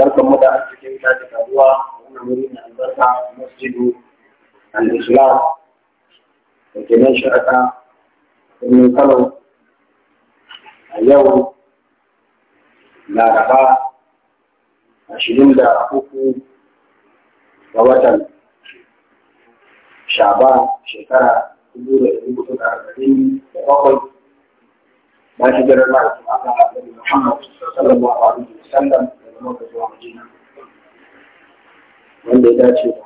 barkan mu da cikin sake karuwa wannan wuri na albarka masjidu al-islam da ke nan shirka domin kano a yau laraba ashirin da uku ga watan shaban shekara dubu da dubu da arba'in da bakwai ba shi jirar ma'aikin Allah Muhammad sallallahu alaihi wasallam kuma ka zuwa madina wanda ya dace da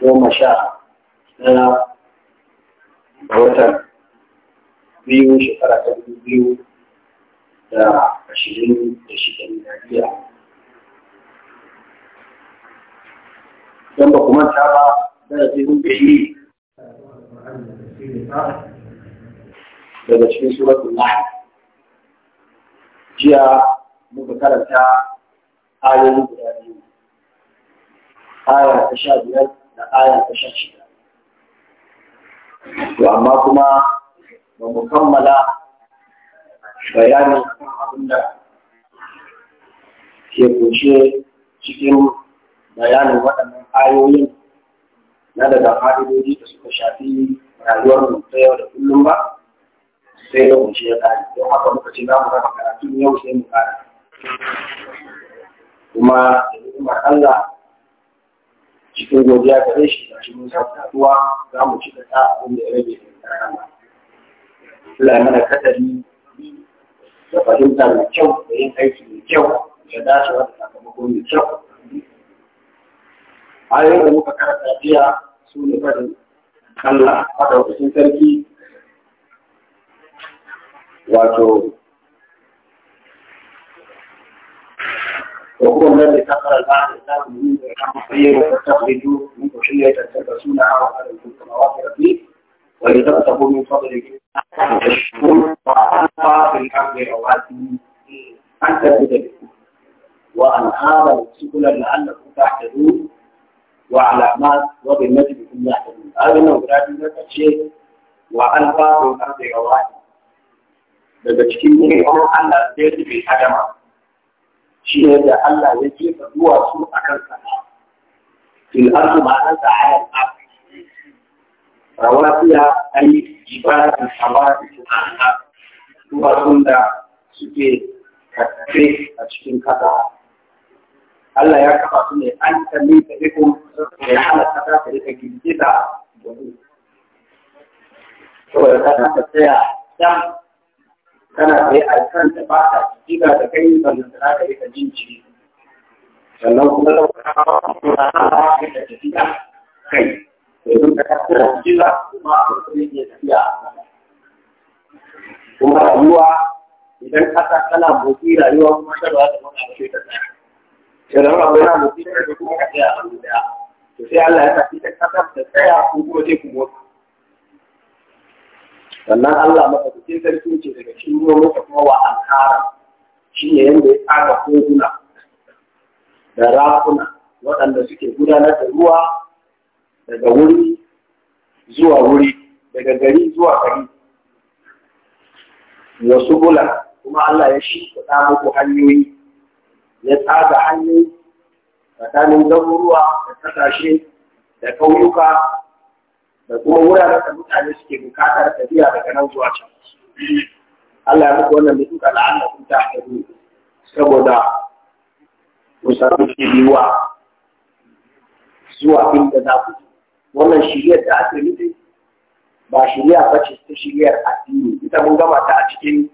goma sha ɗaya a watan biyu shekara ta biyu da ashirin da shida miliyariya don ba kuma ta ba da zai rufe yi daga cikin suratun nahl jiya muka karanta ayoyi guda biyu aya ta sha biyar da aya ta sha shida to amma kuma ba mu kammala bayanin abin da ke kunshe cikin bayanin waɗannan ayoyin na daga fa'idoji da suka shafi rayuwar mu ta yau da kullum ba sai da kunshe ya kare don haka muka ce za mu rasa karatun yau sai mu kare kuma da Allah cikin godiya gare shi da shi mun kuwa za mu ci ta abin da ya rage da Allah. Allah mana kadari da fahimta mai kyau da yin aiki mai kyau da dacewa da sakamako mai kyau. Ayoyin da muka karanta jiya su ne fadin Allah madaukakin sarki wato وهو الذي سخر البحر لكم منه خير وتستخرجوا من حية تلبسونها وتلبسون الأواخر فيه ولتبتغوا من فضله وتشكرون وألقى في الأرض رواسي أن وأن وأنهارا سبلا لعلكم تعتدون وعلى وعلامات وبالنجم يهتدون هذا نوع من الشيء وألقى في الأرض رواسي daga cikin ne Allah zai rufe shi ne da Allah ya jefa duwatsu a kan sama fil ardu ma'ana da ayar afi rawasiya ai ibadatu samawati subhanaha duwatsun da suke kafe a cikin kasa Allah ya kafa su ne an kalli ta rikon ya halatta ta ta rika gidita da mu. Saboda ta ta tsaya can kana tsaye a kan da ba ta ciki ga da kai sannan da ka rika jin jiri sannan kuma da kai da tafiya kai domin ka kafira jira kuma a kusurin ya tafiya kuma rayuwa idan kasa tana motsi rayuwa kuma ta ba ta mana ce ta tsaya idan abu yana motsi da kuma ka tsaya a daya to sai Allah ya tafi ta kasa da tsaya ko kuma sai ku motsi sannan Allah madaukakin sarki ce daga cikin ruwa kuma wa alkara shi ne yadda ya tsara koguna da rafuna waɗanda suke gudanar da ruwa daga wuri zuwa wuri daga gari zuwa gari wasu bula kuma Allah ya shi kuɗa muku hanyoyi ya tsaga hanyoyi tsakanin garuruwa da ƙasashe da ƙauyuka da kuma wuraren da mutane suke bukatar tafiya daga nan zuwa can. Allah ya muku wannan da suka la'ana sun ta haɗu saboda musamman wa zuwa inda za ku wannan shiriyar da ake nufi ba shiriya ba ce ta shiriyar addini ita mun gama ta a cikin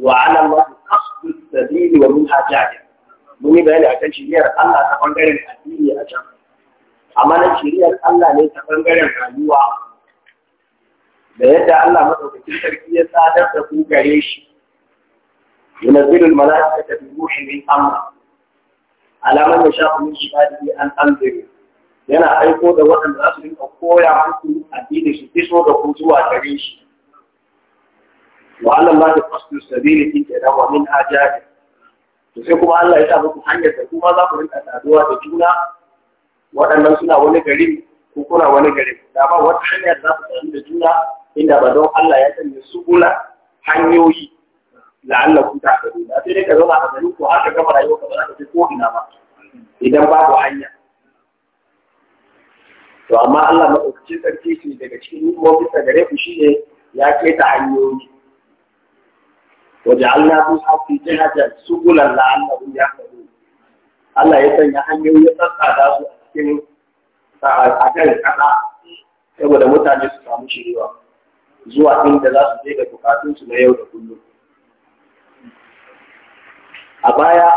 wa'alan wasu kasu sabili wa mun hajjaje mun yi bayani a kan shiriyar Allah ta bangaren addini a can amma na shiriyar Allah ne ta bangaren rayuwa da yadda Allah madaukakin sarki ya sadar da ku gare shi ينزل الملائكة بالروح من أمره على من يشاء من عباده an أنذره yana aiko da waɗanda su rinka koya muku addini su fiso da ku zuwa gare shi wa Allah ma da fasu sabili din da wa min ajabi to sai kuma Allah ya sa muku hanyar da kuma za ku rinka saduwa da juna waɗannan suna wani gari ko kuna wani gari da ba wata hanyar za su sami da juna inda ba don Allah ya sanya su kula hanyoyi la'allakum ta'lamun da sai dai ka zo a gari ko haka gaba rayuwa ka ba ka ko ina ba idan babu hanya to amma Allah madaukakin sarki shi daga cikin nimomin sa gare ku shine ya keta hanyoyi وجعلنا فيها su جهة سبلا لعلهم يهتدون الله يسنى أن da su. cikin a kan ƙasa saboda mutane su samu shirewa zuwa inda za su je ga bukatunsu na yau da kullum. A baya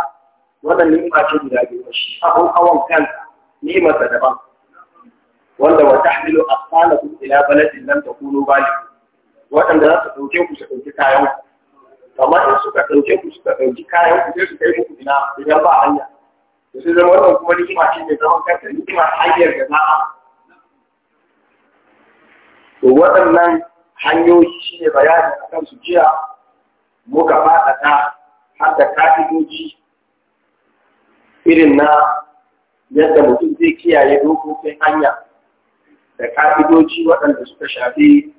wannan nima ce guda biyu shi abun awon kansa nimarsa daban wanda wa tahmilu asfalakum ila baladin ta kuno bali, waɗanda za su ɗauke ku su ɗauki kayan ku kamar in suka ɗauke ku suka ɗauki kayan ku sai su kai ku ina idan ba hanya da su zama wannan kuma nikima ce mai zaman kanta nikima hanyar da za a to waɗannan hanyoyi shi ne bayani a kan su jiya muka faɗaɗa har da ka'idoji irin na yadda mutum zai kiyaye dokokin hanya da ka'idoji waɗanda suka shafi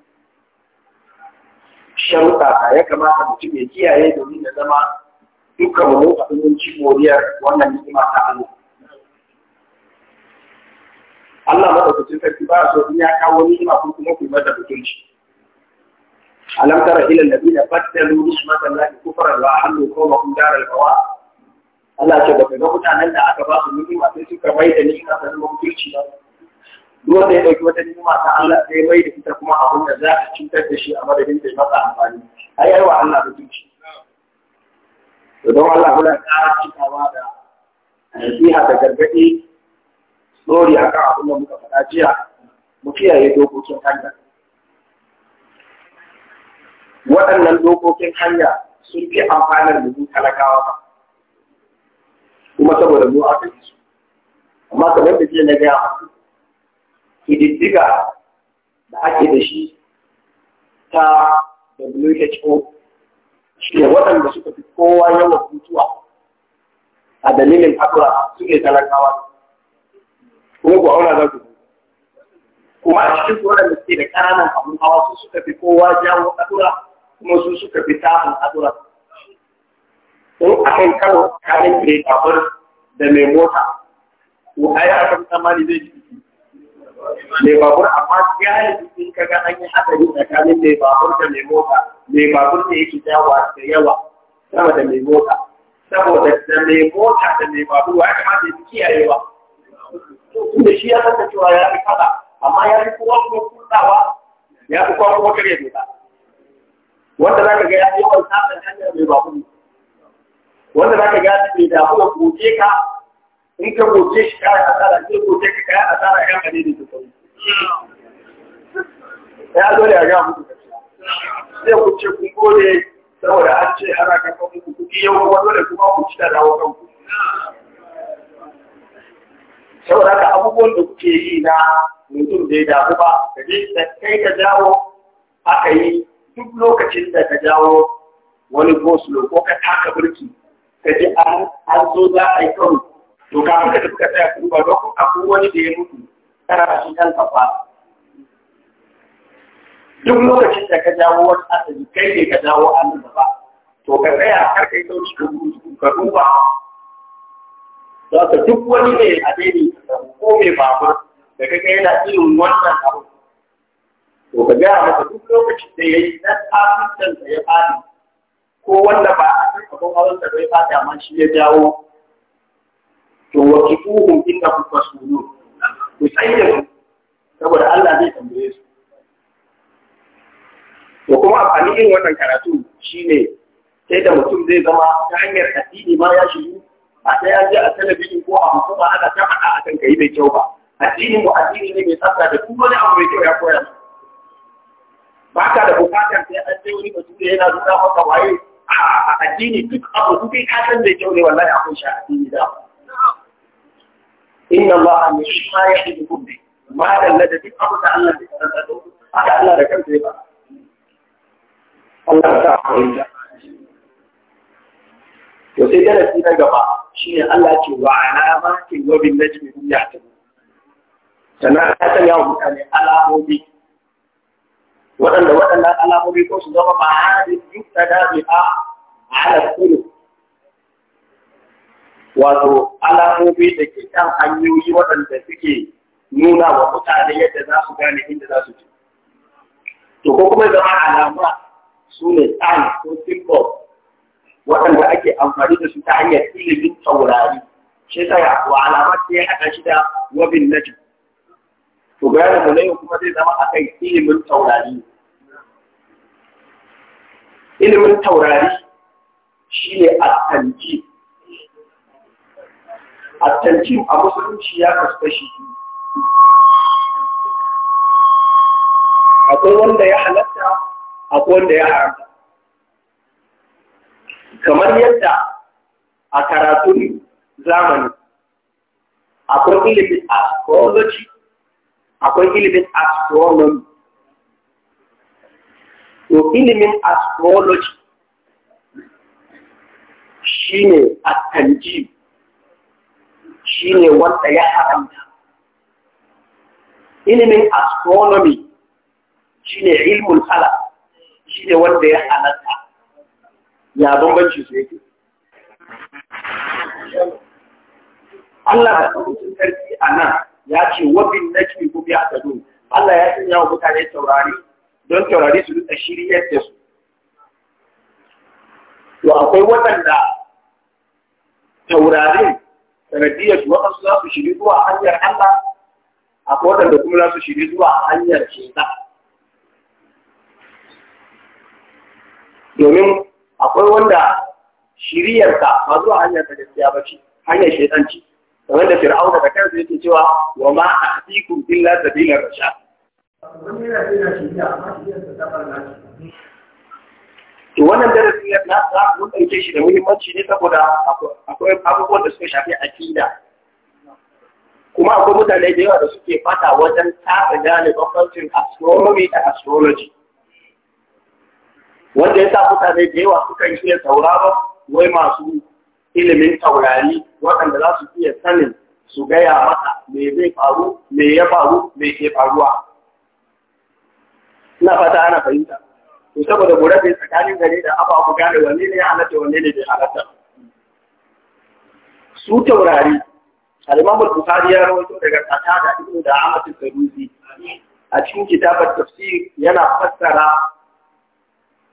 sharuɗa ya kamata mutum ya kiyaye domin ya zama dukkan mu a cikin ci moriyar wannan ni'ima ta Allah Allah madaukakin sarki ba so in ya kawo ni'ima ko kuma ku mata hukunci alam tara ila alladhina badalu ni'matallahi kufran wa ahallu qawmahum daral bawa Allah ce baka ga mutanen da aka ba su ni'ima sai suka mai da ni'ima ta zama kirci ba. Duk wanda ya ɗauki wata nima ta Allah sai mai da ita kuma abin da za ta cutar da shi a madadin da masa amfani. Ai ai wa Allah mutunci. to don Allah muna ƙara cikawa da nasiha da gargaɗi tsori a kan abin da muka faɗa jiya mu kiyaye dokokin hanya waɗannan dokokin hanya sun fi amfanar da mu talakawa ba kuma saboda mu aka yi su amma kamar da jiya na gaya masu ƙididdiga da ake da shi ta WHO shi ne waɗanda suka fi kowa yawan mutuwa a dalilin haɗura su ne talakawa kuma ku auna za ku kuma a cikin waɗanda suke da ƙananan abin hawa su suka fi kowa jawo haɗura kuma su suka fi tafin haɗura in a kan kano kanin mai kafar da mai mota ko a yi a kan tsammani zai ji mai babur amma galibi in kaga an yi hatsari tsakanin mai babur da mai mota mai babur ne yake dawa da yawa sama da mai mota saboda da mai mota da mai babur ya kamata ya fi ba? tunda shi ya saka cewa ya fi fada amma ya fi kowa kuma kurtawa ya fi kowa kuma kare doka wanda za ka ga ya fi yawan samun hanyar mai babur wanda za ka ga ya fi dafuwa damuwa gobe ka in ka goce shi kayan asara ke goce ka kayan asara ya kare ne da sauri ya dole a ga muku sai ku ce kun gode saboda an ce ana karɓar muku kuɗi yau kuma dole kuma ku ci da dawo kanku saboda ka abubuwan da kuke yi na mutum bai damu ba da da kai ka jawo aka yi duk lokacin da ka jawo wani boslo, ko ka taka birki ka ji an zo za a yi karo to kafin ka tafi ka tsaya ku duba don abu wani da ya mutu kana da shi kan kafa duk lokacin da ka jawo wani asali kai ne ka jawo an ba to ka tsaya har kai sauki ka ka duba za duk wani ne a daidai ko mai ba da ga yana irin wannan abu to ka gaya masa duk lokacin da ya yi nan asibitin da ya fadi ko wanda ba a kai abin hawan da bai fadi amma shi ya jawo to waqifuhum innahum masulun ku sanya su saboda Allah zai tambaye su to kuma amfani irin wannan karatu shine sai da mutum zai zama ta hanyar addini ma ya shigo ba sai ya je a talabijin ko a mutum hukuma ana ta a kan kai bai kyau ba addini mu addini ne mai tsafta da duk wani abu mai kyau ya koya ba ka da bukatar sai an je wani mutum da yana nuna maka waye a addini duk abu duk kai ka san mai kyau ne wallahi akwai shi addini da inna Allah ne shi ma ya yi hukum ne ma da lada abu da Allah ya sanar da haka Allah da kansa ba Allah ta koyi da to sai darasi na gaba shine Allah ce wa alama ke wa bin najmi ya ta sana ta ya mutane bi. waɗanda waɗannan alamomi ko su zama ta yuktada a ala kuru wato alamomi da ke kan hanyoyi waɗanda suke nuna wa mutane yadda za su gane inda za su je. To ko kuma zama alama su ne tsari ko simbol waɗanda ake amfani da su ta hanyar ilimin taurari. Shi ta ya wa alama sai ya haɗa shi da wabin naji. To bayanin mu na yau kuma zai zama a kai ilimin taurari. Ilimin taurari shi ne a tanji a musulunci ya kasuwa shi كسكشي akwai wanda ya halatta akwai wanda ya haramta kamar yadda a karatun zamani akwai ilimin astrology akwai ilimin astronomy to ilimin astrology a attanji shi ne wanda ya haramta ilimin astronomy shi ne ilmul falak shi ne wanda ya halatta ya bambanci su yake Allah da ɗaukacin sarki a nan ya ce wabin na ke gobe a gado Allah ya sun yawon mutane taurari don taurari su rika shiri yadda su to akwai waɗanda taurarin sanadiyar su waɗansu za su shiri zuwa hanyar Allah a da kuma za su shiri zuwa hanyar shida. domin akwai wanda shiriyarsa ba zuwa hanyar ta gaskiya ba ce hanyar shaitan ce kamar da fir'aun daga kansa yake cewa wa ma a atikum illa sabilar rashad to wannan darasin ya na sa mun ɗauke shi da muhimmanci ne saboda akwai abubuwan da suka shafi akida kuma akwai mutane da yawa da suke fata wajen taɓa gane bakwancin astronomy da astrology wanda ya sa mutane da yawa sukan iya sauraron wai masu ilimin taurari waɗanda za su iya sanin su gaya mata me zai faru me ya faru me ke faruwa ina fata ana fahimta to saboda gurabe tsakanin gare da abu abu, gane wanne ne ya halatta wanne ne bai halatta su taurari al-Imam al-Bukhari ya rawaito daga Qatada ibn Da'amat al-Sadusi a cikin kitabar tafsir yana fassara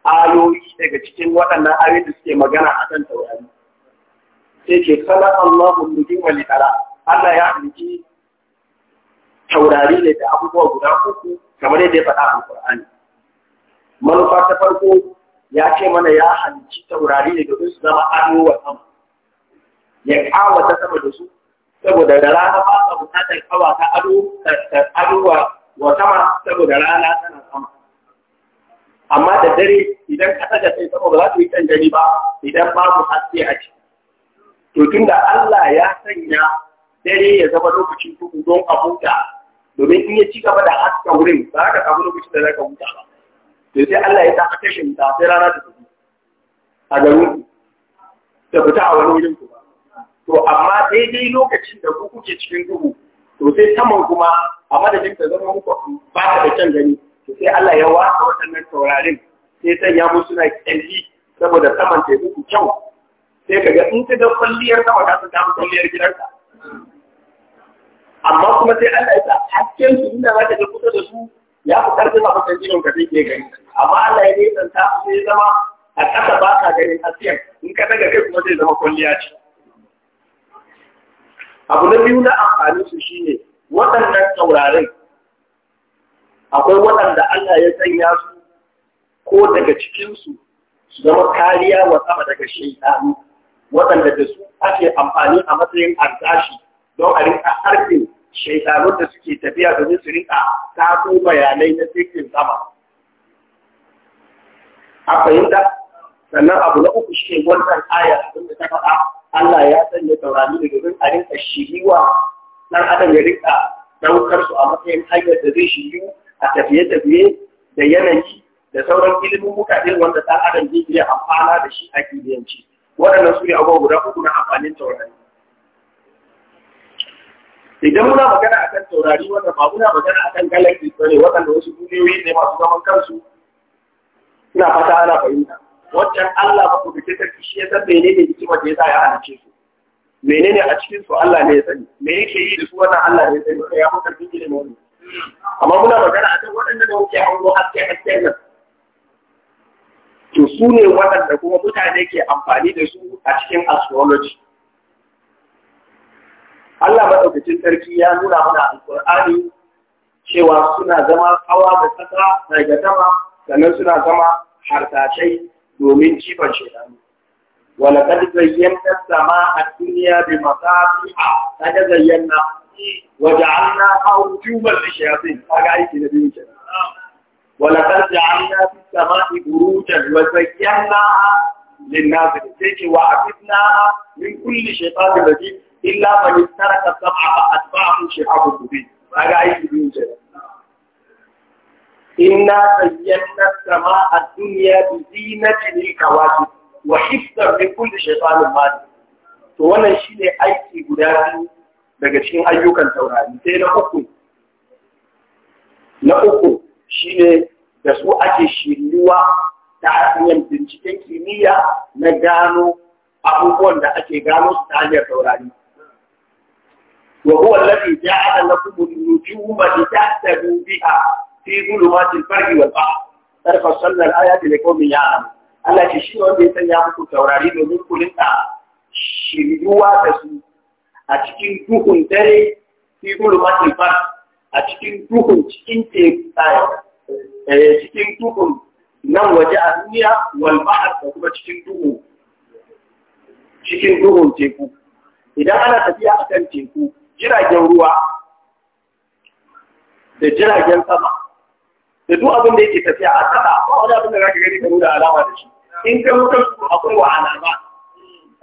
ayoyi daga cikin waɗannan ayoyi da suke magana a kan taurari sai ke kala Allahu nujum wal qara Allah ya halici taurari ne da abubuwa guda uku kamar yadda ya faɗa a Qur'ani manufa ta farko ya ce mana ya hanci taurari ne domin su zama ado wa sama ya ta sama da su saboda da rana ba ta bukatar kawa ta ado wa sama saboda rana tana sama amma da dare idan kasa da sai sama za su yi kan gani ba idan babu haske a ciki to da Allah ya sanya dare ya zama lokacin duhu don a huta domin in ya ci gaba da haska wurin ba ka samu lokacin da za ka huta ba sai Allah ya ta aka kashe ta sai rana ta tafi a garin ta fita a wani wurin ku to amma daidai lokacin da ku kuke cikin duhu to sai saman kuma a madadin ta zama muku ba ta da kyan gani to sai Allah ya wasa waɗannan taurarin sai sanya musu suna kyalli saboda saman ta yi kyau sai ka ga in ka ga kwalliyar sama ta sun samu kwalliyar gidanka amma kuma sai Allah ya sa hasken su inda za ta ga kusa da su ya fi karfi ba kusan jinin ka ke gani amma Allah ya nisan ta sai zama a ƙasa ba ka ganin asiyan in ka daga kai kuma zai zama kwalliya ce abu na biyu na amfani su shine waɗannan taurarin akwai waɗanda Allah ya sanya su ko daga cikinsu su zama kariya wa sama daga shaitanu waɗanda da su ake amfani a matsayin arzashi don a rinka harbin shaitanun da suke tafiya domin su rinka ta so bayanai na cikin sama a fahimta sannan abu na uku shi ne wannan ayar da ta faɗa Allah ya sanya taurari da gudun a rinka shiriwa dan adam ya rinka daukar su a matsayin hanyar da zai shiriyu a tafiye-tafiye da yanayi da sauran ilimin mutane wanda dan adam zai iya amfana da shi a kiliyanci. waɗannan su ne abubuwa guda uku na amfanin taurari idan muna magana a kan taurari wanda ba muna magana a kan galaxy ne waɗanda wasu duniyoyi ne masu zaman kansu ina fata ana fahimta wajen Allah ba ku fice ta kishi ya san menene hikimar da yasa ya halice su menene a cikin su Allah ne ya sani me yake yi da su wannan Allah ne ya sani ya fuka cikin ilimin wani. amma muna magana a kan waɗanda da kuke hango haske haske nan to su ne waɗanda kuma mutane ke amfani da su a cikin astrology Allah maɗaukacin sarki ya nuna mana alƙur'ani cewa suna zama hawa da ƙasa daga sama sannan suna zama harsashai domin cifar shekaru. ولقد زينا السماء الدنيا بمصابيح قد زينا وجعلناها رجوما للشياطين هذا عيش نبي ولقد جعلنا في السماء بروجا وزيناها للناس للسيك وعبدناها من كل شيطان رجيم illa man taraka sab'a fa atba'ahu shihabu mubin kaga aiki biyu ce inna zayyana sama'a dunya bi zinatin kawakib wa da kun kulli shaytanin madi to wannan shine aiki guda biyu daga cikin ayyukan taurari sai na uku na uku shine da su ake shiryuwa ta hanyar binciken kimiyya na gano abubuwan da ake gano su ta hanyar taurari وهو الذي جعل لكم النجوم لتهتدوا بها في ظلمات البر والبحر فصلنا الآيات لقوم يعلمون Allah ce shi wanda ya sanya muku taurari domin ku rinka shiryuwa da su a cikin duhun dare fi gulmatin far a cikin duhun cikin eh, cikin duhun nan waje a duniya wal bahar da kuma cikin duhu teku idan ana tafiya kan teku jiragen ruwa da jiragen sama da duk abin da yake tafiya a sama ba wani abin da za ka gani ka nuna alama da shi in ka muka su akwai wa alama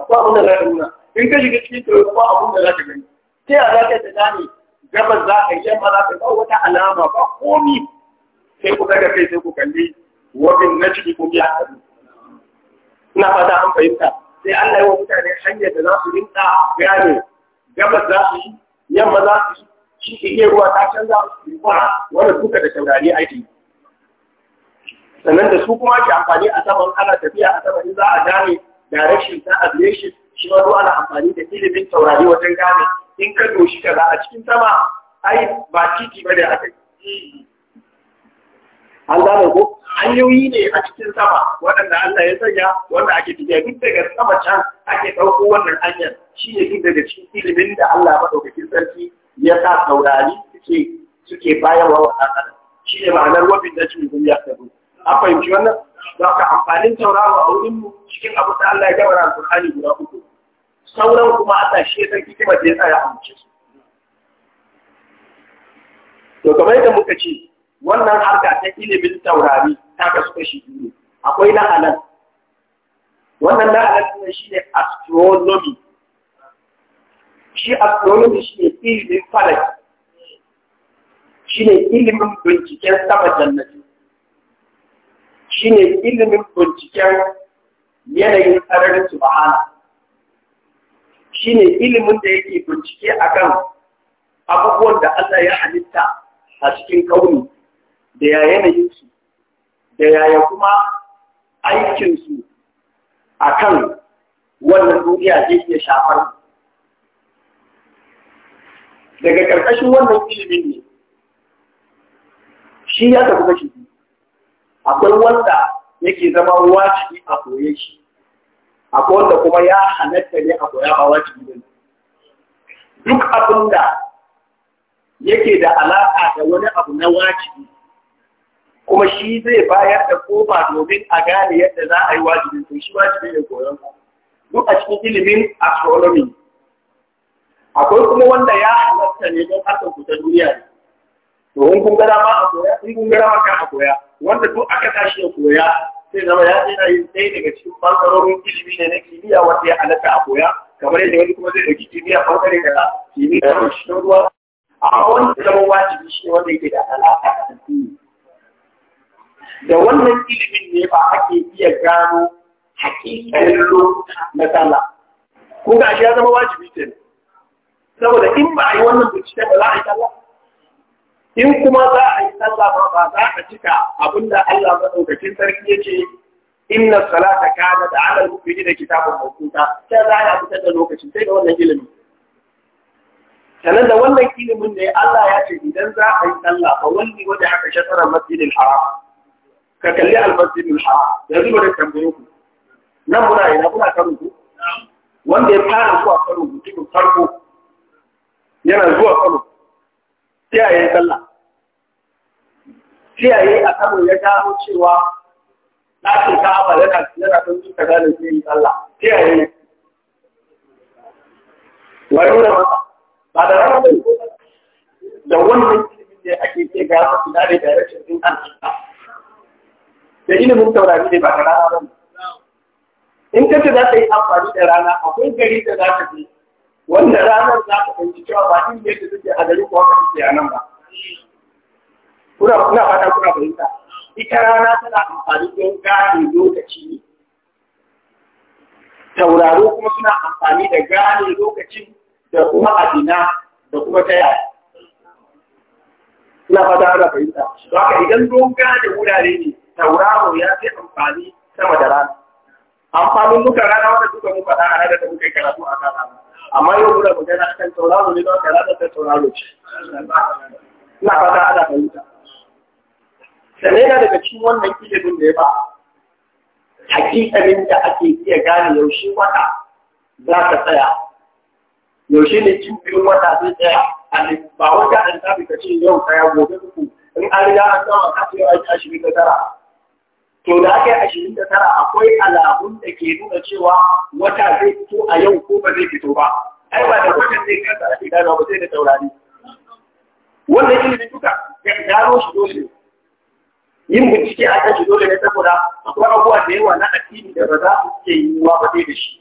akwai abin da za ka nuna in ka shiga cikin to ba abin da za ka gani sai a zaka ta ne gabas za ka yamma za ka ba wata alama ba komi sai ku daga kai sai ku kalli wajen na ciki ko biya ta ina fata an fahimta sai Allah ya wa mutane hanyar da za su rinka gane gabas za su yi yamma za su yi shi iya ruwa ta canza ba wanda suka da taurari ake sannan da su kuma ke amfani a saman ana tafiya a saman in za a gane direction ta aviation shi ma zo ana amfani da ilimin taurari wajen gane in ka doshi kaza a cikin sama ai ba titi ba da aka yi an gane ko hanyoyi ne a cikin sama waɗanda Allah ya sanya wanda ake tafiya duk daga sama can ake ɗauko wannan hanyar shi ne duk daga cikin ilimin da Allah maɗaukakin sarki ya sa saurari suke suke bayarwa wa ɗan shi ne ma'anar wabin da cikin duniya ta zo an fahimci wannan za ka amfanin sauraro a wurinmu cikin abu da Allah ya gabara alƙur'ani guda uku sauran kuma Allah shi ya san hikimar da ya tsaya a amince su to kamar yadda muka ce wannan harka ta ilimin taurari ta kasu kashi biyu akwai na halal wannan na halal ne Shi astronomy shi astronomy shine ilimin falaki ne ilimin binciken sama jannati ne ilimin binciken yanayin sararin Shi ne ilimin da yake bincike akan abubuwan da Allah ya halitta a cikin kauni da ya yanayinsu da yaya kuma aikinsu a kan wannan duniya zai iya shafar daga ƙarƙashin wannan ilimin ne shi ya tafi kashi akwai wanda yake zama wajibi a koye shi akwai wanda kuma ya halatta ne a koya ba wajibi ne duk abin da yake da alaƙa da wani abu na wajibi kuma shi zai bayar da koma domin a gane yadda za a yi wajibin to shi wajibi ne koyon duk a cikin ilimin astronomy akwai kuma wanda ya halatta ne don harkar kuta duniya ne to in kun gara ma a koya in kun gara ma ka a koya wanda duk aka tashi ya koya sai zama ya tsira yin ɗaya daga cikin ɓangarorin ilimi ne na kimiyya wanda ya halatta a koya kamar yadda wani kuma zai ɗauki kimiyya ɓangare da kimiyya da ruwa amma wanda zama wajibi shi ne wanda yake da alaƙa da addini da wannan ilimin ne ba ake iya gano hakikanin lokuta na sallah ko ga shi ya zama wajibi ce saboda in ba a yi wannan bincike ba za a yi sallah in kuma za a yi sallah ba ba za a cika abinda Allah madaukakin sarki ya yake inna salata kana da ala al da kitabun mawquta sai za a fitar da lokacin sai da wannan ilimin sanan da wannan ilimin ne Allah ya ce idan za a yi sallah fa walli wajen aka shatara masjidil haram ka kalli mai hawa, yanzu zuba tambaye ku nan muna ina muna karo ku wanda ya fara zuwa karo mutumin farko yana zuwa karo kiyaye sallah kiyaye a karo ya gano cewa ɗakin ka'aba yana yana don duka gane su yin sallah kiyaye wani da ba ba da rana bai da wannan ilimin ne ake ke gano su da rashin din an da ilimin taurari ne ba da rana ba in ka ce za ka yi amfani da rana akwai gari da za ka je wanda ranar za ka fahimci cewa ba in yadda suke a gari ko haka suke a nan ba kuna kuna fata kuna fahimta ita rana tana amfani don gane lokaci ne tauraro kuma suna amfani da gane lokacin da kuma adina da kuma ta yaya suna fata kuna fahimta. Ba ka idan don gane wurare ne tauraro ya fi amfani sama da rana amfanin muka rana wanda suka mu faɗa a ranar da muka yi karatu a kan rana amma yau muna magana akan tauraro ne don ka ranar da tauraro ce ina fata ana fahimta sannan na daga cikin wannan ilimin da ya ba hakikanin da ake iya gane yaushe wata za ka tsaya yaushe ne cin cibiyar wata zai tsaya ba wata an tafi ka ce yau tsaya gobe uku in an riga an a kafin aiki ashirin da tara to da aka yi ashirin da tara akwai alamun da ke nuna cewa wata zai fito a yau ko ba zai fito ba ai ba da wannan zai kasa a gano ba zai da taurari wannan ilimin duka gano shi dole yin bincike a kan shi dole ne saboda akwai abubuwa da yawa na addini da ba za su iya yiwuwa ba zai da shi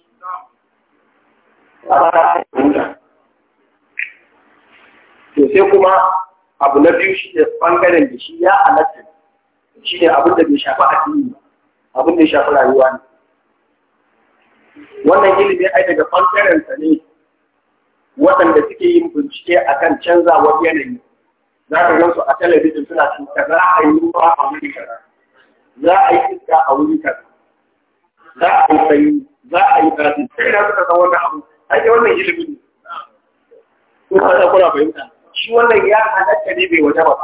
to sai kuma abu na biyu shi ne bangaren da shi ya halatta shi ne abin da bai shafi addini abin da ya shafi rayuwa ne wannan ilimi ai daga ɓangarensa ne waɗanda suke yin bincike a kan canzawar yanayi za ka gan su a talabijin suna cuta za a yi ruwa a wuri kaza za a yi iska a wuri kaza za a yi sanyi za a yi karatu sai da suka san wannan abu ai wannan ilimi ne ko ka kuna fahimta shi wannan ya halatta ne bai wajaba ba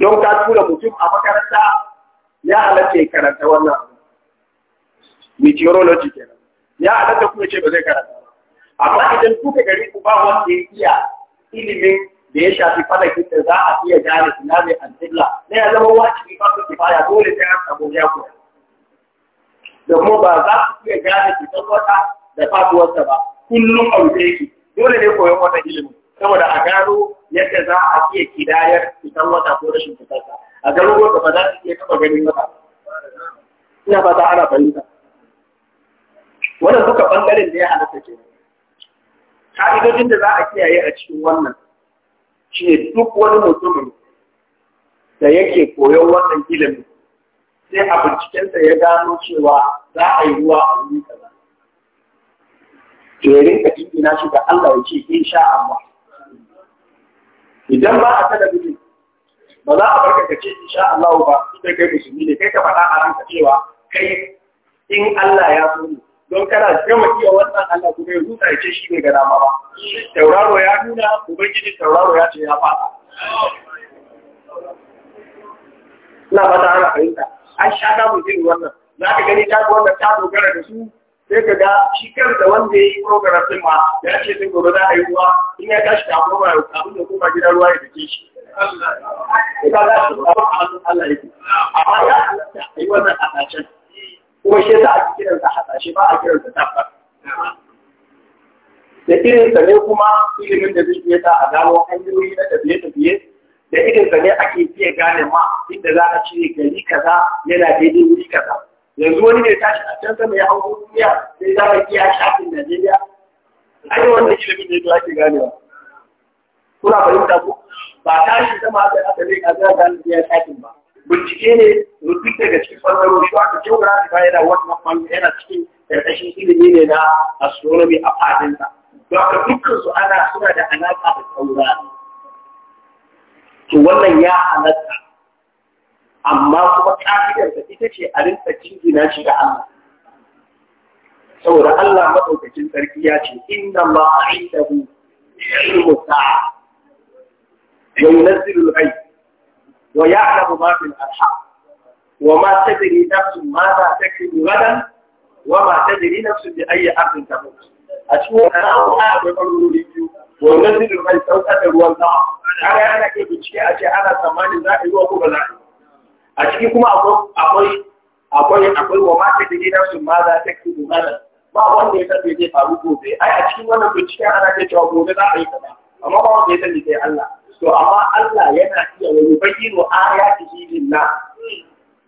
don ka tura mutum a makaranta ya halatta ya karanta wannan meteorology nan, ya halatta kuma ce ba zai karanta ba amma idan kuka gari ku ba wanda ya iya ilimin da ya shafi fada da za a iya gane ina mai antilla na ya zama ne ba su baya dole sai an samu ya koya da kuma ba za su iya gane kitan wata da faduwarsa ba kullum a wuce yake dole ne koyon wata ilimin saboda a gano yadda za a iya kidayar fitar wata ko rashin fitarsa a garuruwan da ba za su iya taɓa ganin ba ina fata ana fahimta wannan duka ɓangaren da ya halatta ke ka'idojin da za a kiyaye a cikin wannan shi ne duk wani mutumin da yake koyon wannan ilimin sai a bincikensa ya gano cewa za a yi ruwa a wuri kaza Jerin ka rinka na shi ga Allah ya ce sha Allah idan ba a gudun, ba za a barka kace insha Allah ba idan kai musulmi ne kai ka faɗa a ranka cewa kai in Allah ya so ne don kana gama iya wannan Allah kuma ya huta ya ce shi ne ga ba tauraro ya nuna ubangiji tauraro ya ce ya faɗa ina fata ana fahimta an sha ta mutum wannan za ka gani ta wannan ta dogara da su sai ka ga shi da wanda ya yi program din ma ya ce sun gobe za a yi ruwa in ya tashi da kuma ya kafin da kuma gidan ruwa ya dake shi za a shi ba a hannun Allah yake amma ya halatta a yi wannan hasashen kuma shi a ci kiran sa hasashe ba a kiran sa tabbas da irin sa ne kuma ilimin da zai iya sa a gano hanyoyi na tafiye-tafiye da irin sa ne ake iya gane ma inda za a cire gari kaza yana daidai wuri kaza yanzu wani ne tashi a can sama ya hau duniya sai za a iya shafin Najeriya ai wanda ilimin ne to ake ganewa kuna fahimta ko ba tashi sama aka aka ne a ga gane iya shafin ba bincike ne rubutu daga cikin ɓangarori shi aka kyau da ba yana wannan ɓangare yana cikin ƙarƙashin ilimi ne na astronomy a fadin sa don haka dukkan su ana suna da alaƙa da saurari to wannan ya halatta amma kuma da ita ce a rinka jingina shi da Allah. Saboda Allah maɗaukacin sarki ya ce, Inna ma a inda hu, ilmu sa'a, wa yunazzilu al-ghayb wa ya'lamu ma fil arha? wa ma tadri nafsun ma za taksibu wa ma tadri nafsun bi ayyi ardin tamut. A cikin wannan abu akwai ɓangarori biyu, wa yunazzilu zirin ghayb sauƙar da ruwan sama. Ana yana ke bincike a ce ana tsammanin za a yi wa ko ba za a yi. a ciki kuma akwai akwai akwai wa ma ta dai na su ma za ta kudu mana ba wanda ya san zai faru gobe ai a cikin wannan binciken ana ta cewa gobe za a yi kaza amma ba wanda ya sani sai Allah to amma Allah yana iya wani bayyano ayatihi lillah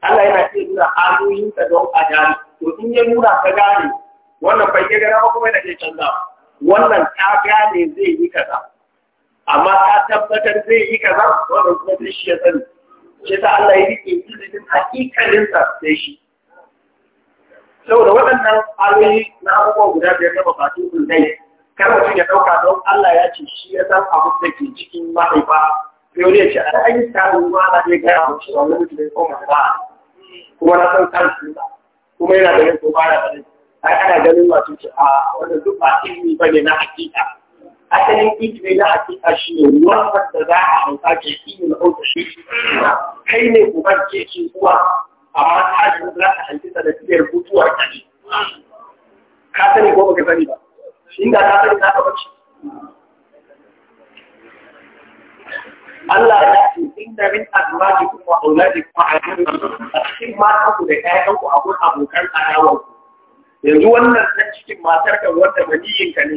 Allah yana iya nuna ayoyinsa don a gane to in ya nuna ka gane wannan bai ga gara kuma yana ke canza wannan ka gane zai yi kaza amma ka tabbatar zai yi kaza wannan kuma shi ya sani shi ta Allah ya rike ilimin hakikalin sa sai shi saboda waɗannan ayoyi na abubuwa guda biyar na bukatu sun dai kar mutum ya ɗauka don Allah ya ce shi ya san abu da ke cikin mahaifa sai wani ya ce a an yi tsarin na ɗaya gaya a cewa wani mutum ya koma ba kuma na san kansu ba kuma yana da ganin ko baya ganin ai ana ganin masu ce a wannan duk ba ilimi ba ne na hakika asalin ikimi na hakika shi ne wannan da za a hauka ke iya na hauka shi kai ne uban ke ke kuwa amma ta da za ta haifi sanadiyar mutuwar ka ne ka sani ko baka sani ba inda ka sani ka taba ci Allah ya ce inna min azwajikum wa auladikum kuma a cikin matan ku da ƴaƴan ku akwai abokan adawan ku yanzu wannan san cikin matar ka wanda maniyin ka ne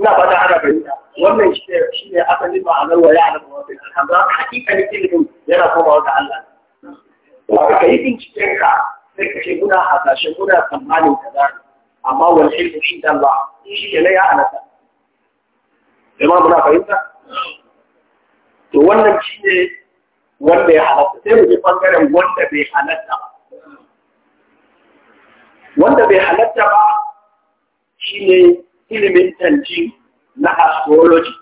ina ba da ana bayyana wannan shi ne asalin ma'anar wa ya alamu wa bai alhamdulillah hakika ne ilimin yana komawa ga Allah ba ka yi binciken ka sai ka ce muna hasashen muna tsammanin ka za amma wani ilmi shi dan ba shi ke na ya alata jama muna fahimta to wannan shi ne wanda ya halatta sai mu je bangaren wanda bai halatta ba wanda bai halatta ba shi ne ilimin tanti na astrology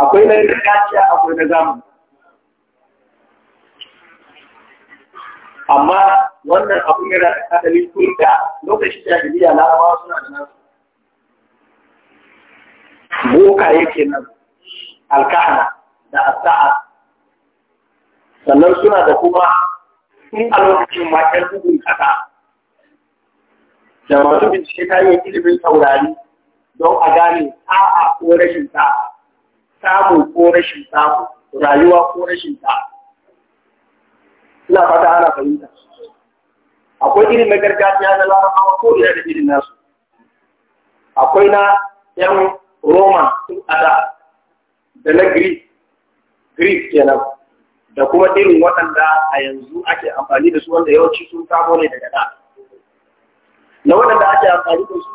akwai na gargajiya akwai na zamani amma wannan abin yana da kadalin da lokacin jahiliya larawa suna da nasu boka yake nan alkahana da asa'a sannan suna da kuma in a lokacin makar bugun kasa da masu bincike ta yi ilimin taurari don a gane ta'a ko rashin ta samu ko rashin rayuwa ko rashin ta'a. Ina fata ana fahimta. Akwai irin na gargajiya na larabawa ko da da irin nasu. Akwai na ‘yan Roma sun ada da na Greek, Greek kenan, da kuma irin waɗanda a yanzu ake amfani da su wanda yawanci sun samo ne daga da. na waɗanda ake amfani da su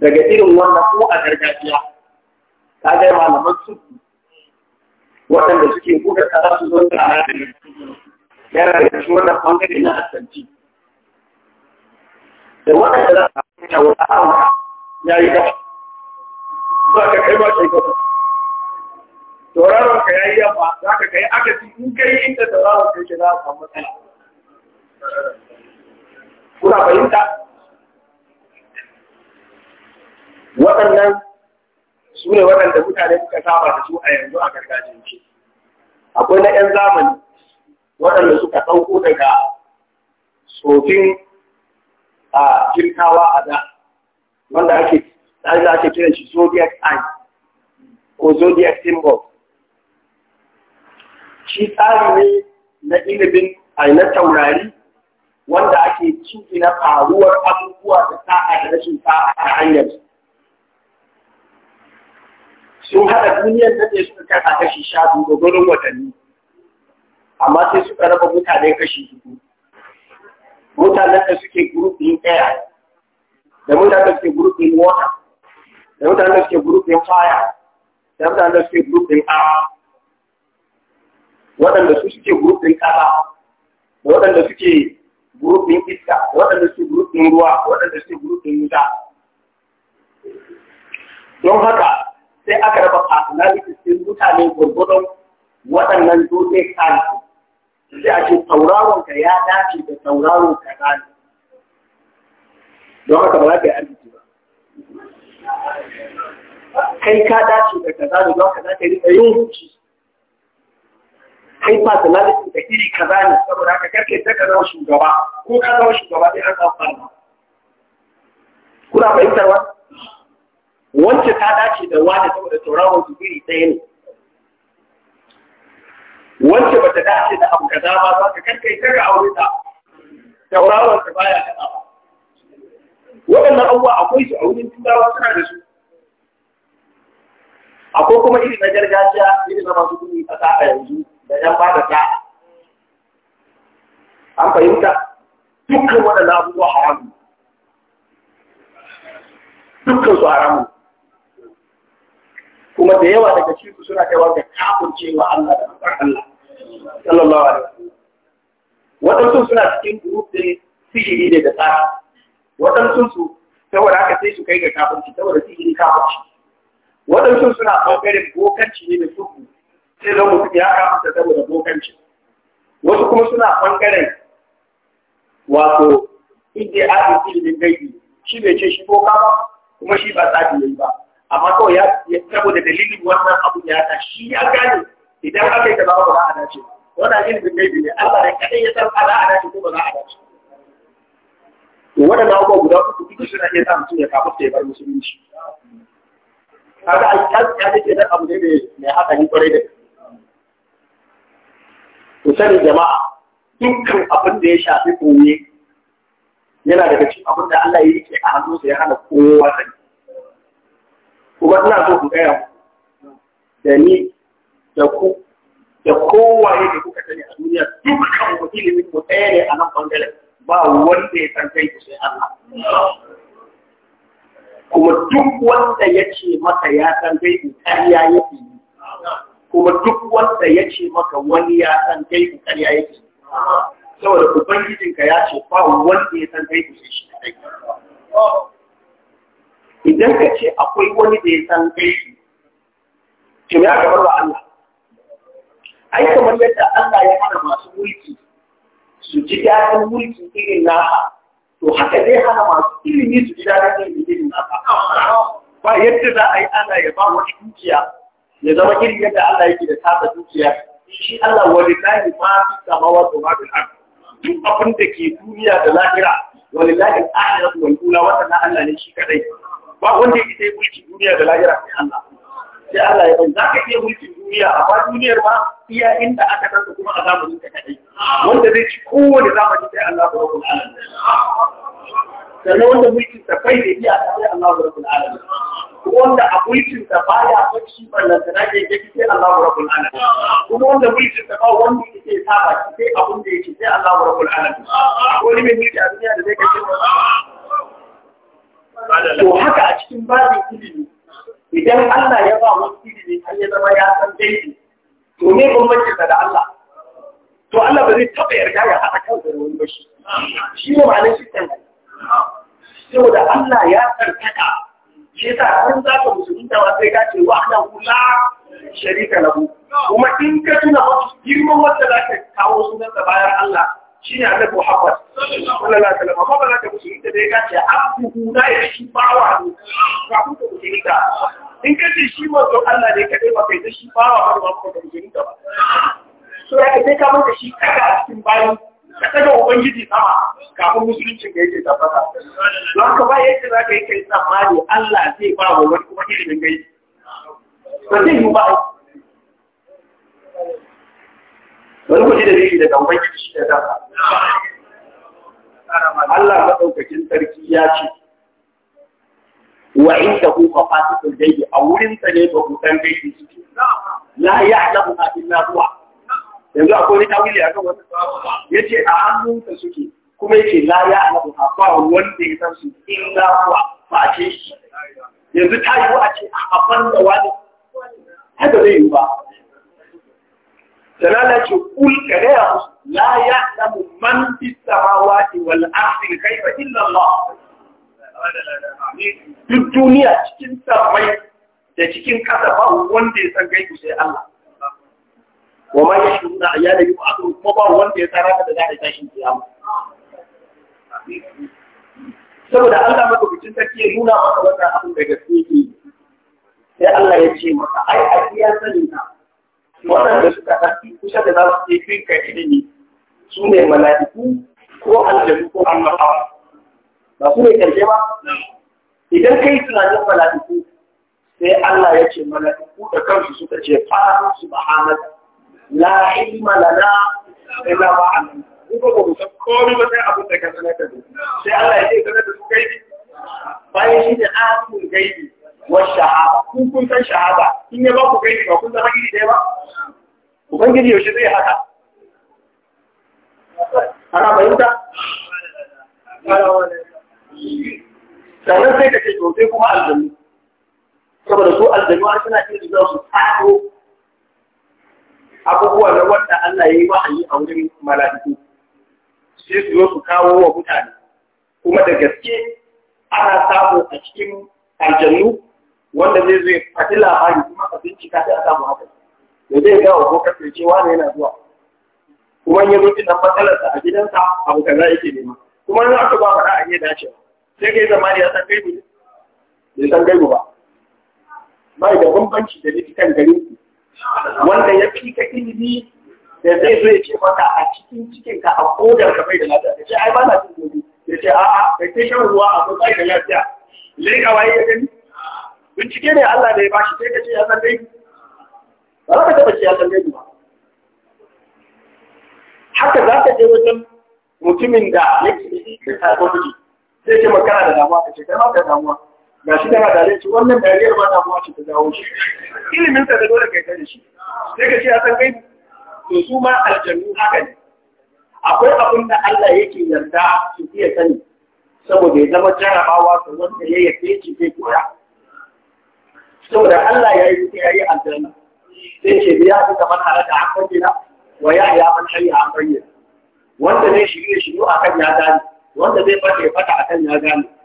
daga irin wannan ko a gargajiya ta ga malaman su waɗanda suke buga tsara su zo da alaƙa yana da shi wannan ɓangare na asanci da waɗanda za a fita wa ta'awa ya yi gaba ba ka kai ma kai gaba tauraron ka ya yi yamma za ka kai akasi in kai inda tauraron ka yake za a samu matsala kuna fahimta waɗannan su ne waɗanda mutane suka saba da su a yanzu a gargajiyance akwai na 'yan zamani waɗanda suka ɗauko daga tsofin a jirkawa a da wanda ake da ake kiran shi zodiac eye ko zodiac symbol shi tsari ne na ilimin a na taurari wanda ake ciki na faruwar abubuwa da sa'a da rashin sa'a a hanyar sun haɗa duniyar da ne suka kasa kashi sha biyu da gurin watanni amma sai suka raba mutane kashi dubu mutanen da suke gurufin air da mutanen da suke gurufin water da mutanen da suke gurufin fire da mutanen da suke gurufin air waɗanda su suke gurufin ƙasa da waɗanda suke gurufin iska waɗanda su gurufin ruwa waɗanda su gurufin wuta don haka sai aka raba personalities sun mutane gurgudun waɗannan dutse kansu sai a ce tauraron ka ya dace da tauraron ka gane don haka ba za ka yi arziki ba kai ka dace da kaza da don haka za ka yi rika yin hukunci kai personality da iri kaza ne saboda haka karke ta ka zama shugaba ko ka zama shugaba sai an samu barna kuna fahimtar wa wacce ta dace da wani saboda tauraron su iri ɗaya ne wacce bata dace da abu kaza ba za ka karkai ta ga aure ta tauraron ta baya kaza ba waɗannan abubuwa akwai su a wurin turawa suna da su akwai kuma iri na gargajiya iri na masu gudu a sa'a yanzu da ‘yan ba da ta. An fahimta dukkan waɗanda abubuwa haramu. Dukkan su haramu. Kuma da yawa daga cikin suna da kafin cewa Allah da manzon Allah. Sallallahu alaihi wasallam. Waɗansu suna cikin group din sihiri ne da tsara, Waɗansu su saboda haka sai su kai ga kafin ci saboda sihiri ci. Waɗansu suna ɓangaren bokanci ne da suku sai zan mutum ya kamata saboda bokanci wasu kuma suna ɓangaren wato inda ya haɗe ilimin gaibi shi bai ce shi boka ba kuma shi ba ta yi ba amma kawai ya saboda dalilin wannan abu ya ta shi ya gane idan aka yi kaza ba za a dace wannan ilimin gaibi ne Allah ne kadai ya san za a dace ko ba za a dace waɗannan abubuwa guda uku duk suna iya sa mutum ya kafa ya bar musulunci kaga alƙalƙi ya ce zan abu ne mai haɗari kwarai da gaske kusa da jama'a dukkan abin da ya shafi koye yana daga cikin abin da Allah ya rike a hannunsa ya hana kowa sani kuma ina so ku gaya da ni da ku da da kuka sani a duniya dukkan mu ilimi ku ɗaya ne a nan bangaren ba wanda ya san kai sai Allah kuma duk wanda ya ce masa ya san kai ƙarya yake yi kuma duk wanda ya ce maka wani ya san kai ku ƙarya yake saboda ubangijinka ya ce ba wanda ya san kai ku sai shi kai idan ka ce akwai wani da ya san kai ku to ya kamar wa Allah ai kamar yadda Allah ya hana masu mulki su ji daɗin mulki irin na to haka zai hana masu ilimi su ji daɗin ilimi irin na ba yadda za a yi ana ya ba wani dukiya ya zama irin yadda Allah yake da tasa dukiya shi Allah wani lahi ma fi samawa to ma bil ard duk abin da ke duniya da lahira wani lahi al da wal ula wata na Allah ne shi kadai ba wanda yake sai mulki duniya da lahira sai Allah sai Allah ya ban za ka iya mulkin duniya a ba duniyar ma iya inda aka san kuma a zamanin ka kadai wanda zai ci kowane zamani sai Allah rabbul alamin sannan wanda mulkin sa kai da iya sai Allah rabbul alamin wanda a mulkin ta baya bacci da nake ke yake sai Allahu rabbul alamin kuma wanda mulkin ta ba wanda yake sa ba sai abin da yake sai Allahu rabbul alamin wani mai mulki a duniya da zai kace to haka a cikin babin ilimi idan Allah ya ba wani ilimi har ya zama ya san daidai to ne bambancin da Allah to Allah ba zai taɓa yarda ya haɗa kan da wani ba shi shi ne ma'anar shi kan saboda Allah ya tsarkaka shi yasa in za ka musulunta ba sai ka ce wa ana kula sharika lahu kuma in ka tuna wasu girman wanda za ka kawo sunan sa bayan Allah shine Annabi Muhammad sallallahu alaihi wasallam amma ba za ka musulunta dai ka ce abdu na ya shi bawa ne ka ku musulunta in ka ce shi manzon Allah ne kadai ba kai da shi bawa ba ba ka musulunta ba so ya ka sai ka manta shi kaga a cikin bayan ka daga ubangiji sama kafin musulunci da yake tabbata don ka ba yadda za ka yi kai tsammani Allah zai ba wa wani kuma ilimin gai ba zai yi ba wani kuji da zai daga ubangiji shi da kanka Allah maɗaukakin sarki ya ce wa inda ku mafatisul gaibi a wurin sa ne ba ku san gaibi suke la ya'lamu illa huwa yanzu akwai wani tawili akan Ya ce a hannunka suke kuma yace laya a alamu ba wanda ya san su illa ba a ce shi yanzu ta yi a ce a abban da wani haka zai yi ba sanana ce kul ka gaya musu la ya alamu man fi samawati wal kai kaifa illa Allah duk duniya cikin samai da cikin kasa ba wanda ya san gaibu sai Allah wa ma ya shuru na ayyada yi ba kuma ba wanda ya tsara da za a tashin kiyama saboda Allah bikin ta ke nuna maka wannan abin da gaske yake sai Allah ya ce maka ai a iya sanin ka waɗanda suka ɗauki kusa da za su je fin ka ilimi su ne mala'iku ko aljanu ko annabawa ba su ne ƙarshe ba idan kai tunanin mala'iku sai Allah ya ce mala'iku da kansu suka ce fa subhanaka la ilma lana illa ma alim ko ba mu san ba sai abin da ka sanar da sai Allah ya ce sanar da su gaibi bayan shi da alimul gaibi wa shahada kun kun san shahada in yi ba ku gaibi ba kun zama iri ɗaya ba ubangiji yaushe zai haka ana fahimta sannan sai ka ce to sai kuma aljanu saboda su aljanu suna iya zuwa su tsaro abubuwa na wanda Allah ya yi wahayi a wurin mala'iku sai su zo su kawo wa mutane kuma da gaske ana samu a cikin aljannu wanda zai zo ya labari kuma a bincika sai a samu haka da zai ga ko kafin cewa ne yana zuwa kuma ya zo ina matsalarsa a gidansa abu kaza yake nema kuma in aka ba faɗa a iya dacewa sai kai ne ya san gaibu ne bai san gaibu ba bai da bambanci da likitan garin ku wanda ya fi ka ilimi da zai zo ya ce maka a cikin cikin ka a kodar ka bai da lafiya da ce ai ba na cikin gobe ya ce a'a kai ta shan ruwa a bai da lafiya leka waye ya gani bincike ne Allah da ya bashi sai ka ce ya san dai ba za ka taba ce ya san dai ba haka za ka je wajen mutumin da yake da sabon sai ce makana da damuwa ka ce kai ma ka damuwa ga shi da hadalinci wannan dariyar ma ta kuma ce ta jawo shi ilimin sa da dole kai ta da shi sai ka ce a san kai to su ma aljannu haka ne akwai abin da Allah yake yarda su iya sani saboda ya zama jarabawa ga wanda ya yafe shi zai koya saboda Allah ya yi ya yi aljanna sai ce biya su kamar halaka a kan gida wa ya ya man hayya a bayyana wanda zai shirye shiru a kan ya gane wanda zai fata ya fata a kan ya gane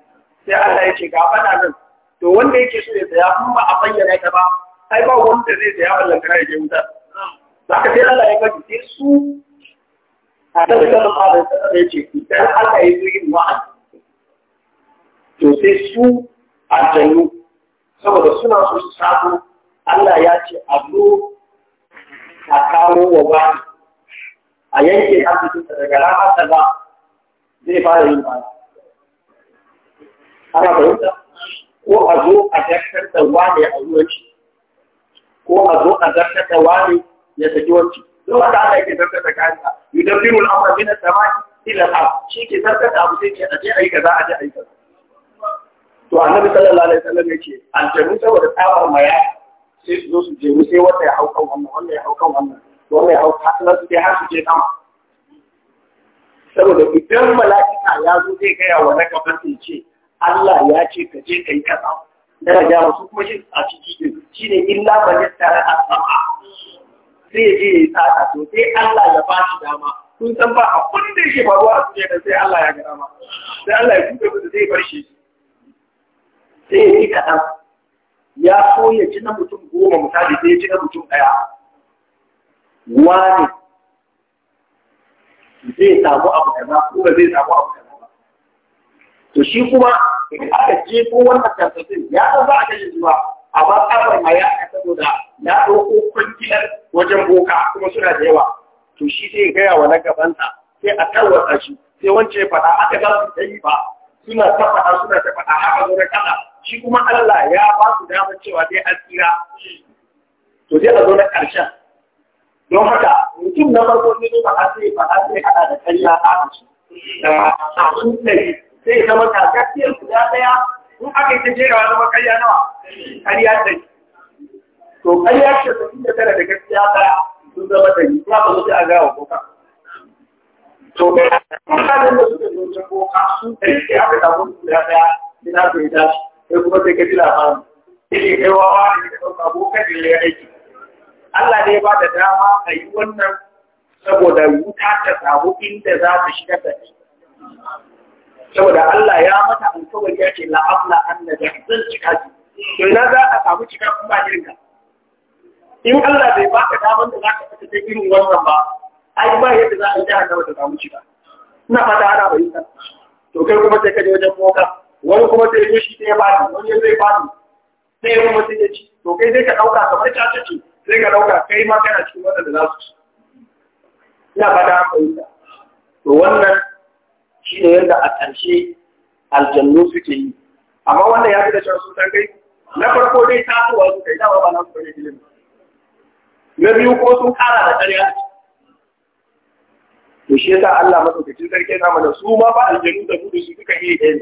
sai Allah ya ce ga bana nan to wanda yake so ya saya kuma ba a bayyana ta ba ai ba wanda zai saya ballan kana ya je wuta ka sai Allah ya kaji sai su a da kuma ba da sai ce dan Allah ya yi wa'a to sai su a aljannu saboda suna so su samu Allah ya ce a zo a kawo wa ba a yanke arzikinsa daga ranar ba zai fara yin ba ana fahimta ko a zo a zartar da wane a zuwanci ko a zo a zartar da wane ya tafi wanci duk wanda Allah yake zartar da kayansa yudabbiru al-amra min as-sama'i ila al shi ke zartar da abu sai ce a je ayi kaza a je ayi kaza to annabi sallallahu alaihi wasallam yake aljanu saboda tsabar maya sai su zo su je sai wanda ya haukan wannan wanda ya haukan wannan wanda ya haukan nan su har su je sama saboda idan mala'ika ya zo zai gaya wa na gaban ce Allah ya ce ka je ka yi kaza daga gyara su kuma shi a ciki din shi ne illa ba ya tare a sama ya je ya yi tsada to sai Allah ya ba shi dama kun san ba abin da yake faruwa a duniya sai Allah ya ga dama sai Allah ya kuka mutu zai bar shi sai ya yi kaɗan ya so ya ci na mutum goma misali sai ya ci na mutum ɗaya wani zai samu abu kaza ko ba zai samu abu kaza to shi kuma idan aka ko wannan tantatin ya san za a kashe shi ba amma tsabar ma ya ka saboda ya ɗauko kwangilar wajen boka kuma suna da yawa to shi sai gaya wa na gabansa sai a tarwatsa shi sai wance ya faɗa aka za su ta yi ba suna ta faɗa suna ta faɗa haka, zo na ƙasa shi kuma Allah ya ba su damar cewa dai an tsira to zai a zo na ƙarshen don haka mutum na farko ne ba a sai faɗa sai haɗa da ƙarya a cikin da masu ɗari sai zama takakkiyar guda ɗaya in aka yi ta jera zama karya nawa karya ɗari to karya ce ta inda tana da gaskiya ɗaya sun zama ɗari kuma ba su a gawa koka to kai mutanen da suka zo ta koka sun ɗari sai aka samu guda ɗaya ina zai dace sai kuma sai ka ji labarin sai kai wawa ne ka ɗauka abokan da ya aiki Allah ne ba da dama a yi wannan saboda wuta ta samu inda za ta shiga ta saboda Allah ya mata alkawari ya ce la'amla anna da zan cika ki to ina za ka samu cika kuma irin ka in Allah bai baka damar da ka fita ta irin wannan ba ai ba yadda za a yi da ta samu cika ina fata ana ta to kai kuma sai ka je wajen moka wani kuma sai ya shi sai ya bani wani ya zai bani sai ya kuma sai ya ci to kai sai ka dauka kamar caca ce sai ka dauka kai ma kana cikin wanda da za su ci ina fata bai ta. to wannan shi ne yadda a ƙarshe aljannu suke yi amma wanda ya fi da shan sun san kai na farko dai tasowa su kai dama ba na su bane ilimi na biyu ko sun kara da ƙarya to shi yasa Allah madaukakin sarki na mana su ma ba aljannu da gudu su suka yi ɗaya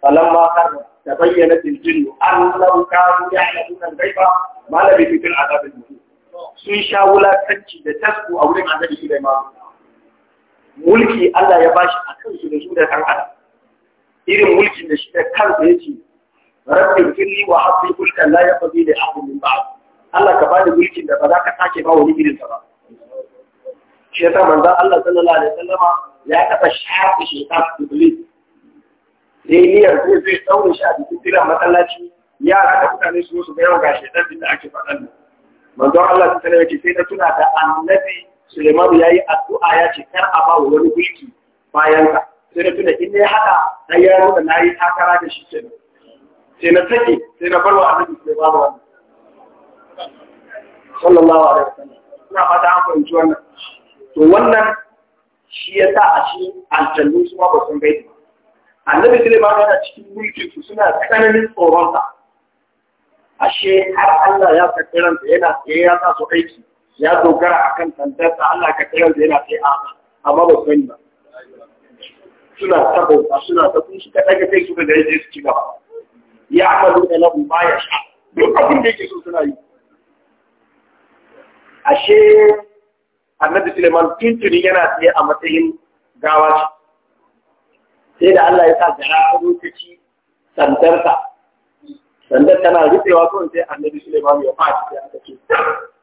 falamma har da bayyana tiljin annahu kanu ya'lamuna al-ghaiba ma la bi fil azab al-muhim sun sha wulakanci da tasku a wurin annabi Sulaiman mulki Allah ya bashi a kansu da su da kan irin mulkin da shi da kansa ce. rabbi firli wa habbi mulkan la yaqdi li ahadin min ba'd Allah ka bani mulkin da ba za ka sake ba wani irin sa ba shi yasa manzo Allah sallallahu alaihi wasallama ya taba shafi shi ta iblis sai zai zai tsaure shi a cikin tiran masallaci yara da mutane su su ga yawan gashi da ake faɗan manzo Allah sallallahu alaihi wasallama ya ce sai na tuna da annabi Suleiman ya yi addu'a ya ce kar a ba wani mulki bayan ka sai na tuna in ya haɗa na yi yaro da na yi takara da shi kenan sai na sake sai na bar wa annabi Suleiman wannan sallallahu alaihi wasallam suna fata an fahimci wannan to wannan shi ya sa a shi aljannu su ma ba sun gaibe annabi Suleiman yana cikin mulkin su suna tsananin tsoronsa ashe har Allah ya saki ransa yana ya sa su aiki ya dogara kan tantarsa Allah ka tsayar da yana sai a'a amma ba sani ba suna sabo suna sabo su ka daga kai suka da je su ci gaba ya amalu da lahu ma ya sha duk abin da yake so suna yi ashe annabi Suleiman tuntuni yana tsaye a matsayin gawa ce sai da Allah ya sa gara a lokaci tantarsa. sandar tana rufewa kawai sai annabi Suleiman ya fashi sai aka ce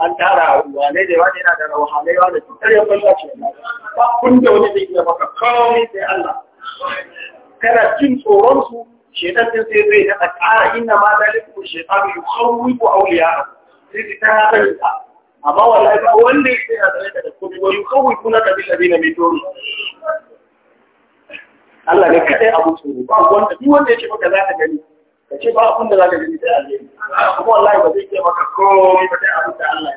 an tara wane da wani yana da rawahanai da cutar ya kwallo ce ba kun da wani zai iya maka kawai sai Allah kana jin tsoron su shedan din sai zai da ƙara inna ma zalikum shaytanu yukhawwifu awliya'a sai ta hada ta amma wallahi ba wanda yake a tsare da kuma wani kawai kuna ka bi sabina mai dori Allah ne kadai abu tsoro ba wanda duk wanda yake maka za ka gani ka ce ba abin da za ka gani sai alheri kuma wallahi ba zai iya maka komai ba sai abin da Allah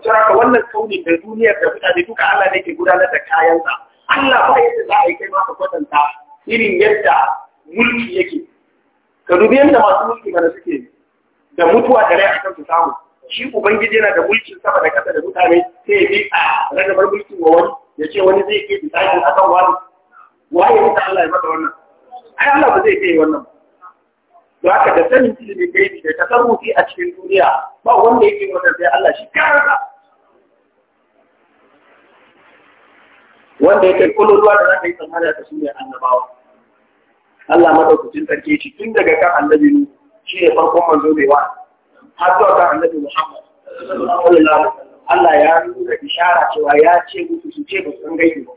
ya sai haka wannan kauni da duniyar da mutane duka Allah ne ke gudanar da kayansa Allah ba yadda za a yi kai maka kwatanta irin yadda mulki yake ka dubi yadda masu mulki mana suke da mutuwa da rai a kan su samu shi ubangiji yana da mulkin sama da kasa da mutane sai ya bi a rarrabar mulkin wa wani ya ce wani zai ke bisani a kan wani waye mutu Allah ya mata wannan ai Allah ba zai kai wannan Za da sanin ilimin gaibi da tasarrufi a cikin duniya ba wanda yake wata sai Allah shi karanta. Wanda yake kololuwa da za yi tsammani da shi ne annabawa. Allah madaukakin sarki shi tun daga kan annabi shi ne farkon manzo mai wa har zuwa kan annabi Muhammad sallallahu alaihi wasallam Allah ya nuna ishara cewa ya ce musu su ce ba su san gaibi ba.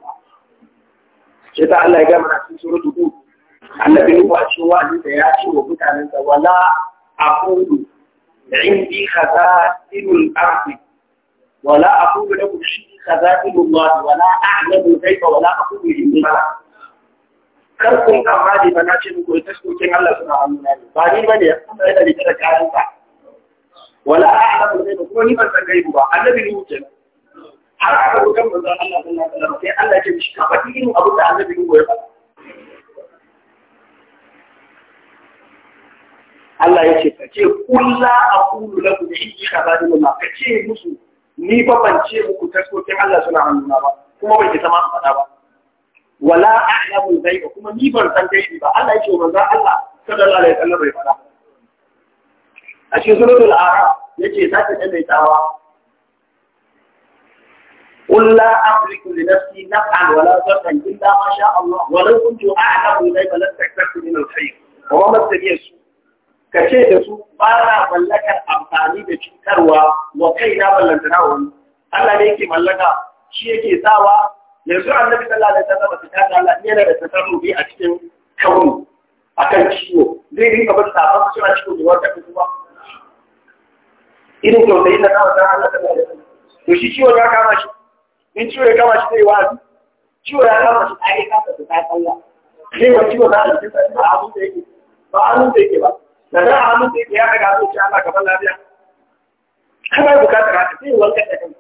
Sai ta Allah ya gama na cikin suratul annabi Nuhu a cikin wa'azinsa ya ce wa sa, wala aqulu عندي خزائن الأرض ولا أقول لكم عندي خزائن wala ولا أعلم الغيب ولا أقول إني kar kun kama da bana ce muku ita sokin Allah suna hannuna ne ba ni bane Allah yana rike da kayan sa wala a'lamu ghaiba kuma ni ban san gaibu ba annabi ne wuce har aka rubuta manzon Allah sallallahu alaihi wasallam sai Allah ya ce shi ka faɗi irin abin da annabi ne ya faɗa Allah ya ce ka ce kulla aqulu lakum inni khazanullah ka ce musu ni ba ban ce muku taskokin Allah suna hannuna ba kuma ki ta ma faɗa ba wala za'i ba. kuma ni ban san gaibi ba Allah ya ce manzo Allah sallallahu alaihi wasallam bai faɗa a cikin suratul a'raf yace ta ta daidaitawa قل لا أملك لنفسي نفعا ولا ضرا إلا ما شاء الله ولو كنت أعلم الغيب لاستكثرت من الخير وما مسني السوء ka ce da su ba na mallakar amfani da cutarwa wa kai na na wani Allah ne yake mallaka shi yake sawa yanzu annabi sallallahu alaihi wasallam ta kada Allah yana da tasarrufi a cikin kauni akan ciwo zai rinka bin sabon cewa ciwo da wanda kuma irin tausayi na kawo san Allah ta alaihi to shi ciwo ya kama shi in ciwo ya kama shi zai wa'azi ciwo ya kama shi ai ka ta ta Allah sai wa ciwo da Allah a abin da yake ba abin da yake ba da za a hannun sai ya daga su ce Allah gaban lafiya kana bukatar ka, sai wanka da kanka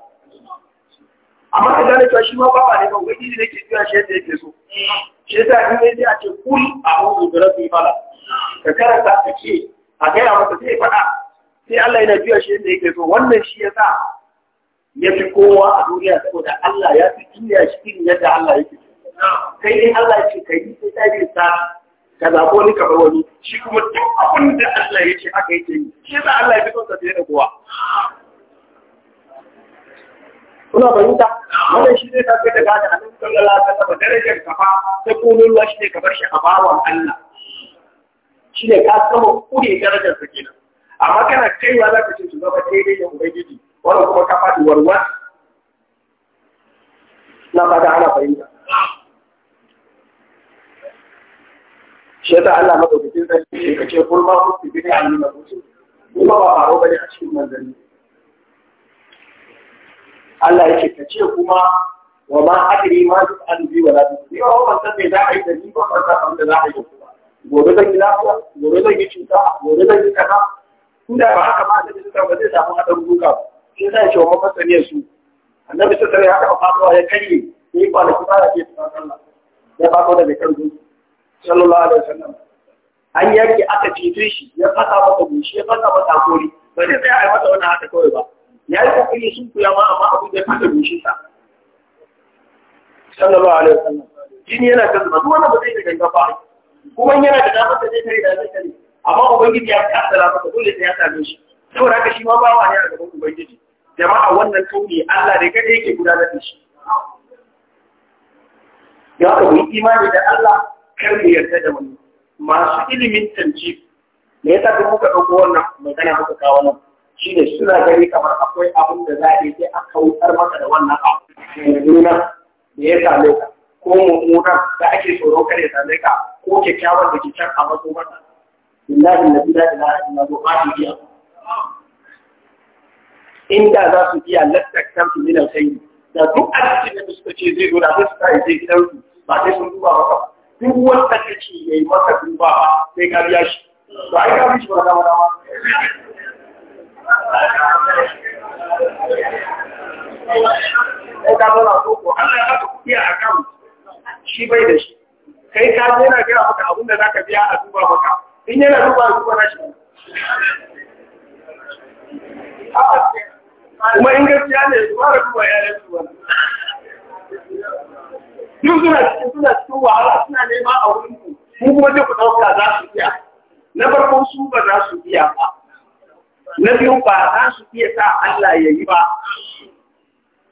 amma ka gane cewa shi ma ba ne ba ubangiji ne ke jiya shi yadda yake so shi yasa in yace a ce kul a'udhu bi rabbil falaq ka karanta ka ce a gaya masa sai faɗa sai Allah yana jiya shi yadda yake so wannan shi yasa ya fi kowa a duniya saboda Allah ya fi duniya shi irin yadda Allah yake so kai in Allah ya ce kai sai ta bi sa ka zaɓo ni ka bar wani shi kuma duk abin da Allah ya ce aka yi ta yi shi za Allah ya fi kansa sa fiye da kowa kuna fahimta wannan shi ne tafi da gada a cikin Allah ta saba darajar ka fa ta komai ruwa shi ne ka bar shi a bawan Allah shi ne ka saba kure darajar sa kenan amma kana kaiwa za ka ce su zama daidai da ubangiji wannan kuma ka faɗi warwar na fata ana fahimta shi Allah Allah madaukakin sarki shi kace kul ma kuntu bi ni'amin rabbikum kuma ba faro bane a cikin manzanni Allah yake ce kuma wa ma adri ma tus'alu bi wala tus'alu wa ban san me za a yi da ni ba san abin da za a yi kuma gobe zan yi lafiya gobe zan yi cuta gobe zan yi kaza inda ba haka ma da cuta ba zai samu hadan duka ba shi yasa yake wa mafassariyar su annabi sallallahu alaihi wasallam ya taɓa fatuwa ya karye yi kwanaki ba ya ce tsaron Allah ya fatuwa da bai kan duka sallallahu alaihi wasallam an yake aka cece shi ya fasa masa gushi, ya fasa masa kori ba zai tsaya a yi masa wannan haka kawai ba ya yi kokari sun kuya ma amma abin da ya fasa goshin sa sallallahu alaihi wasallam jini yana kan zuba duk wannan ba zai da ganga ba kuma yana da damar da zai tare da zai kare. amma ubangiji ya kasara masa dole sai ya same shi saboda haka shi ma bawa ne a gaban ubangiji jama'a wannan kauni Allah da kada yake gudanar da shi ya ka yi imani da Allah kar mu yarda da wani masu ilimin tanci me yasa duk muka dauko wannan magana muka kawo nan shi ne suna gani kamar akwai abin da za a yi sai a kautar maka da wannan abu nuna da ya same ka ko mummuna da ake tsoro kare same ka ko kyakkyawar da ke can a maso mata billahi na bila ila ina zo ba su iya inda za su iya lantarkar su minan sanyi da duk a cikin da suka ce zai zo da su ta yi zai gidansu ba sai sun duba ba duk wanda kake ya yi duba ba sai ka biya shi ba ai ka shi ba da ya shi bai da shi kai ka maka biya a duba maka in yana duba a na shi kuma in gaskiya ne duba ya duk suna cikin wahala suna nema a wurin ku mu kuma duk ɗauka za su iya na farko su ba za su iya ba na biyu ba za su iya sa Allah ya yi ba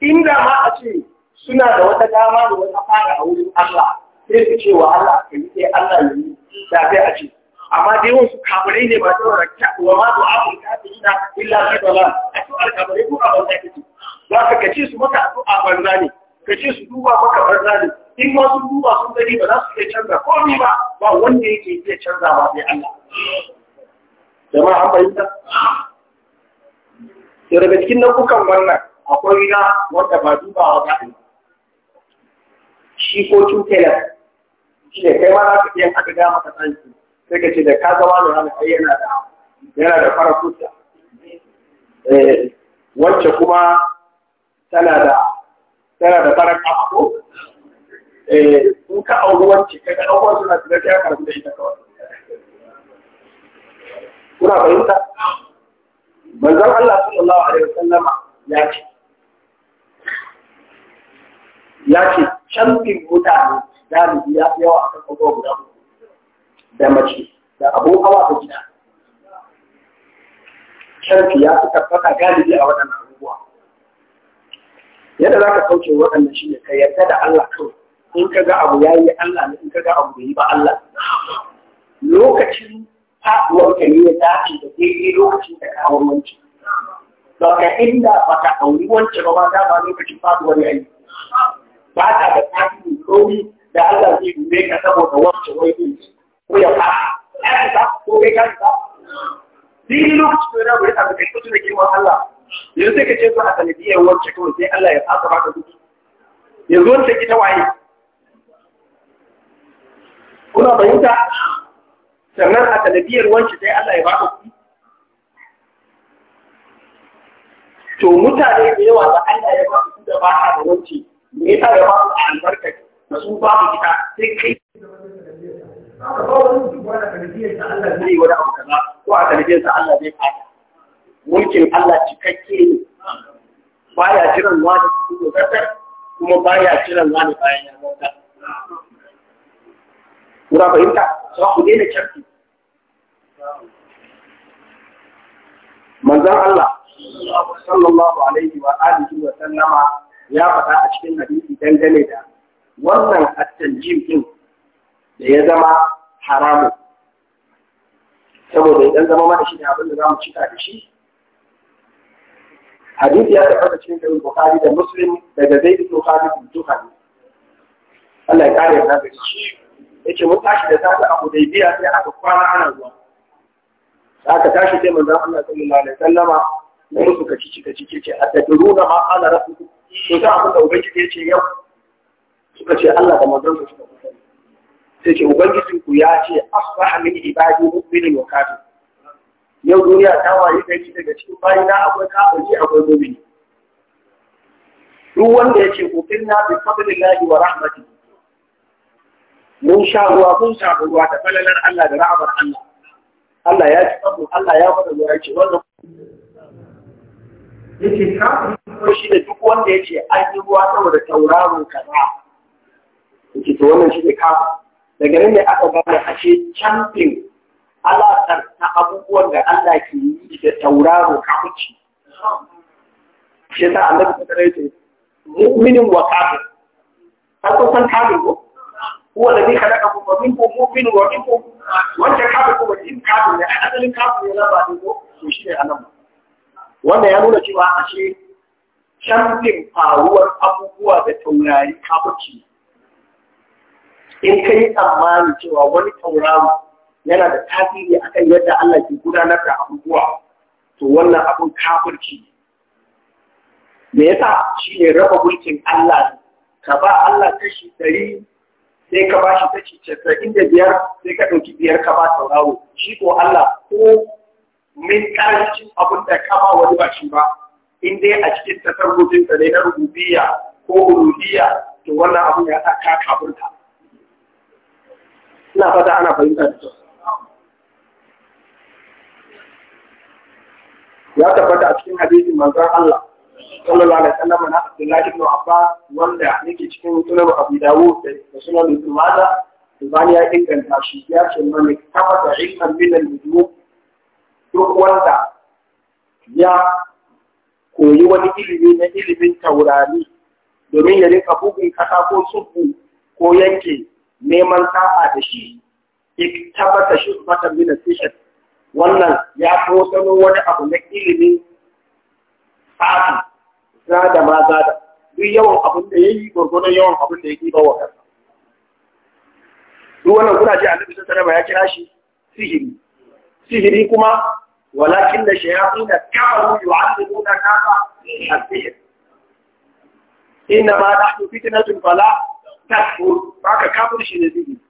inda ma a suna da wata dama da wata fara a wurin Allah sai su ce wa Allah yi sai Allah ya yi da sai a ce amma dai wasu kafirai ne ba ta wa rakka wa ma du'a kun illa fi a to alkafirai ko a banza kake za ka kace su maka addu'a banza ne ka su duba maka banza ne in ma su duba sun gani ba za su iya canza Komi ba ba wanda yake iya canza ba sai Allah jama'a an bayyana sai daga cikin nau'ukan wannan akwai na wanda ba dubawa ba ne shi ko tutela shi ne kai ma za ka iya aka gaya maka tsanki sai ka ce da ka zama da wani kai yana da yana da fara kusa eh, wacce kuma tana da tana da farar a ko eh in ka auri wacce ka ga abubuwan suna da ta karbi da ita kawai kuna fahimta manzon Allah sallallahu alaihi wasallama ya ce ya ce camfin mutane galibi ya fi yawa kan abubuwa guda da mace da abokawa da gida camfi ya fi tabbata galibi a waɗannan yadda za ka sauke waɗannan shi ne ka yarda da Allah kawai in ka ga abu ya yi Allah ne in ka ga abu bai yi ba Allah lokacin faɗuwar ka ne ya dace da daidai lokacin da kawo wancan ba ka inda ba ka ɗauri wancan ba ba ta ba lokacin faɗuwar ya yi ba ta da tasiri komi da Allah zai dube ka saboda wancan wai ɗin ko ya faɗa ya ta ko kai ka ka daidai lokacin da ya rabu ya tafi kai kusa da girman Allah yanzu sai ka ce su a sanadiyar wacce kawai sai Allah ya fasa baka kuɗi yanzu wani take ta waye kuna fahimta sannan a sanadiyar wacce sai Allah ya baka kuɗi to mutane da yawa da Allah ya ba su da ba da wance me yasa ya ba su albarka da su ba su kita sai kai ko a sanadiyar sa Allah zai wani abu kaza ko a sanadiyar sa Allah zai fata mulkin Allah cikakke ne baya jiran wani cikin wadatar kuma baya jiran wani bayan ya wadatar. Kura fahimta, za ku daina canfi. Manzan Allah, sallallahu alaihi wa alihi wa sallama ya faɗa a cikin hadisi dangane da wannan attanjim din da ya zama haramun. Saboda idan zama mana shi da abin da za mu cika da shi, hadisi ya tabbata cikin sahih bukhari da muslim daga zaid ibn khalid bin juhani Allah ya kare na da shi yace mun tashi da safe a Hudaybiya sai aka kwana ana ruwa aka tashi sai manzon Allah sallallahu alaihi wasallama ne suka ci cika cike ce a tadruna ma ana rasu to ta abin da ubangiji ya ce yau suka ce Allah da manzon suka kusa sai ce ubangiji ya ce asbaha min ibadi mu'minin wa kafir yau duniya ta waye gari daga cikin bayi na akwai kafiri akwai mu'mini duk wanda ya ce na bi fadlillahi wa rahmati mun sha ruwa mun sha ruwa da falalar Allah da ra'amar Allah Allah ya ci abu Allah ya fada ruwa ce wannan yake kafin shi da duk wanda ya ce an yi ruwa saboda tauraron kaza yake to wannan shi ne kafin daga nan ne aka gane a ce champion alaƙarta abubuwan da Allah ke yi da tauraro kamuci. Shi ta Allah ta tare ce, mu'minin wa kafin. Har kun san kafin ko? Kuwa da zai kada kuma min ko mu'min wa min ko wancan kafin ko wajen kafin ne, a asalin kafin ne na ba ne ko to shi ne anan. Wanda ya nuna cewa a ce canjin faruwar abubuwa da taurari kamuci. In ka yi tsammani cewa wani tauraro yana da tasiri akan yadda Allah ke gudanar da abubuwa to wannan abun kafirci me yasa shi ne raba mulkin Allah ka ba Allah kashi ɗari sai ka ba shi kashi casa'in da biyar sai ka ɗauki biyar ka ba sauraro shi ko Allah ko min ƙarancin abin da ka ba wani ba shi ba in dai a cikin tasarrufinsa ne na rububiya ko uludiya to wannan abun ya ka kafirta ina fata ana fahimta da kyau ya tabbata a cikin hadisin manzon Allah sallallahu alaihi wasallam na Abdullahi ibn Abbas wanda yake cikin sunan Abu Dawud da sunan Ibn Majah Ibani ya inganta shi ya ce mani kafa da ilman min al wudu duk wanda ya koyi wani ilimi na ilimin taurari domin ya rika bugun kasa ko tsubu ko yanke neman sa'a da shi tabbata shi mata min al-fishat wannan ya sano wani abu na ilimin tsafi za da ma za da duk yawan abin da ya yi gwargwadon yawan abin da ya ɗiba bawa kansa duk wannan kuna ji annabi sun sanarwa ya kira shi sihiri sihiri kuma walakin da shayatin da kafaru yu'allimuna nasa as-sihr inna ma bala ta fala ba ka kafir shi ne sihiri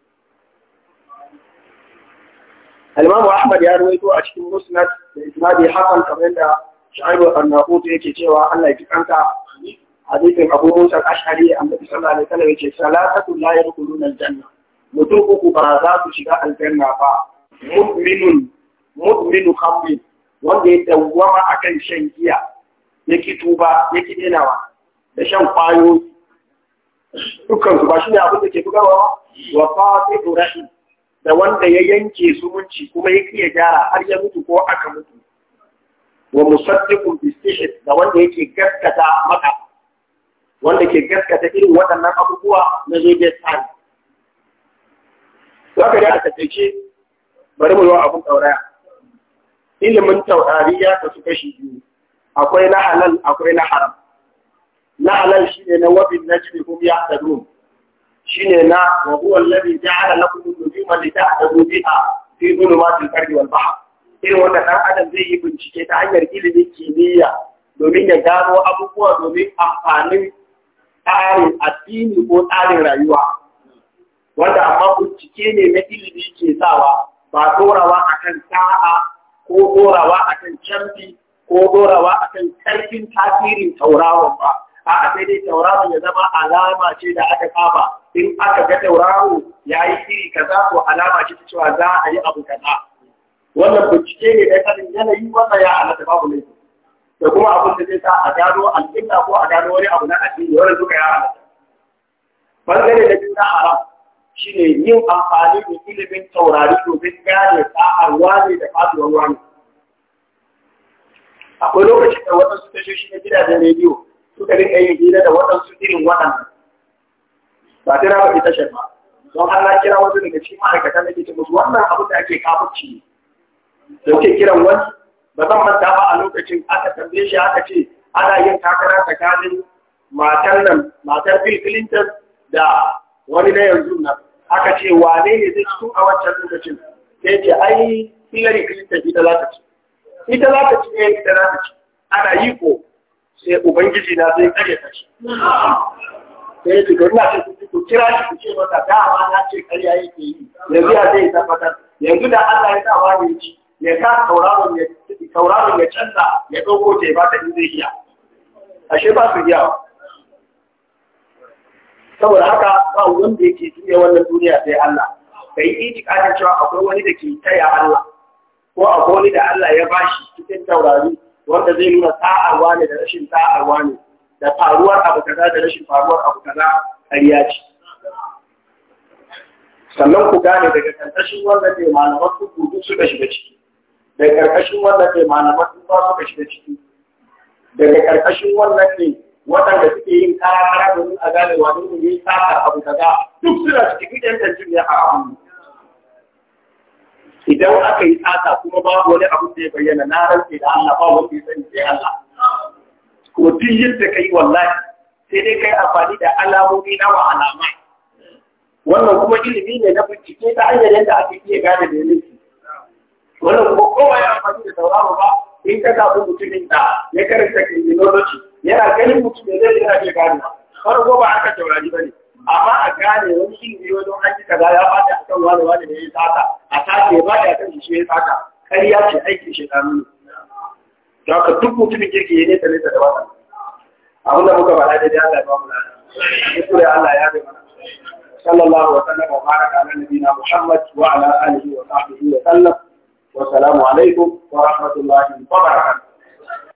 al-Imam Ahmad ya rawaito a cikin Musnad da Isnadi Hasan kamar da Shu'aib an yake cewa Allah ya kanta hadisin Abu Musa al-Ash'ari annabi sallallahu alaihi wasallam yake salatu la yadkhuluna al-janna mutum uku ba za su shiga aljanna ba mu'minun mu'minu khamrin wanda ya dawwama akan shan giya yake tuba yake denawa da shan kwayoyi dukkan su ba shi ne abin da ke bugarwa wa fasiqu rahim da wanda ya yanke zumunci kuma ya kiyaye gyara har ya mutu ko aka mutu wa musaddiqun bi da wanda yake gaskata maka wanda ke gaskata irin waɗannan abubuwa na zobe tsari za ka da takaice bari mu yi abun tauraya ilimin taurariya ta kasu kashi biyu akwai na halal akwai na haram na halal shine na wabin najmi hum yahtadun shine na wa huwa alladhi ja'ala lakum wanda ta haɗa a fi zulumatul barri wal bahr irin wanda ɗan adam zai yi bincike ta hanyar ilimin kimiyya domin ya gano abubuwa domin amfanin tsarin addini ko tsarin rayuwa wanda amma bincike ne na ilimi ke sawa ba dorawa akan sa'a ko dorawa akan canfi ko dorawa akan karfin tasirin tauraron ba a'a sai dai tauraron ya zama alama ce da aka saba in aka ga tauraro ya yi iri za ku alama shi ta cewa za a yi abu kaza wannan bincike ne da kanin yanayi wannan ya alata babu laifi da kuma abin da zai sa a gano alƙibla ko a gano wani abu na addini wani duka ya alata. bangare da biyu na haram shine yin amfani da ilimin taurari domin gane sa'ar wane da faduwar wane akwai lokacin da waɗansu tashoshi na gidajen rediyo suka rinka yin hira da waɗansu irin waɗannan ba sai na faɗi tashar ba don Allah kira wasu daga cikin ma'aikatan da ke musu wannan abin da ake kafirci da kuke kiran wani ba zan manta ba a lokacin aka tambaye shi aka ce ana yin takara tsakanin matar nan matar Bill Clinton da wani na yanzu nan aka ce wane ne zai su a wancan lokacin sai ce ai Hillary Clinton ita za ta ci ita za ta ci ne eh, ita za ta ci ana yi ko sai ubangiji na zai kare ta shi sai ya ce ce ku kira shi ku ce masa na ce karya yake yi yanzu zai yanzu da Allah ya sa wani ci ya sa tauraron ya tauraron ya canza ya ɗauko ta ya ba ta in iya ashe ba su iyawa saboda haka ba wanda yake duniya wannan duniya sai Allah kai itikadin cewa akwai wani da ke taya Allah ko akwai wani da Allah ya bashi cikin taurari wanda zai nuna sa'arwa ne da rashin sa'arwa ne da faruwar abu kaza da rashin faruwar abu kaza ƙarya ce sannan ku gane daga ƙarƙashin wannan ke malaman kuku suka shiga ciki daga ƙarƙashin wannan ke malaman tuba suka shiga ciki daga ƙarƙashin wannan ne waɗanda suke yin kara-kara domin a gane wani ne ya saka abu kaza duk suna cikin gidan da jin ya a abu idan aka yi tsaka kuma babu wani abu da ya bayyana na rantse da Allah ba wanda ya sani sai Allah ko duk yadda yi wallahi sai dai ka yi amfani da alamomi na wa alama wannan kuma ilimi ne na bincike ta hanyar yadda ake iya gane da yanzu wannan kuma kowa ya amfani da sauraro ba in ka zaɓi mutumin da ya karanta criminology yana ganin mutum da zai yana iya gane ba farko ba aka taurari ba ne amma a gane wani ilimi wajen aiki kaza ya fata kan wani wani da ya sata a sake ba ya kan shi ya sata karya ce aikin shekaru ne don duk mutumin kirki ne ta nesa da wata abinda muka ba da Allah ya ba mu lafiya ya kure Allah ya bai mana sallallahu wa sallam baraka ala nabiyina Muhammad wa ala alihi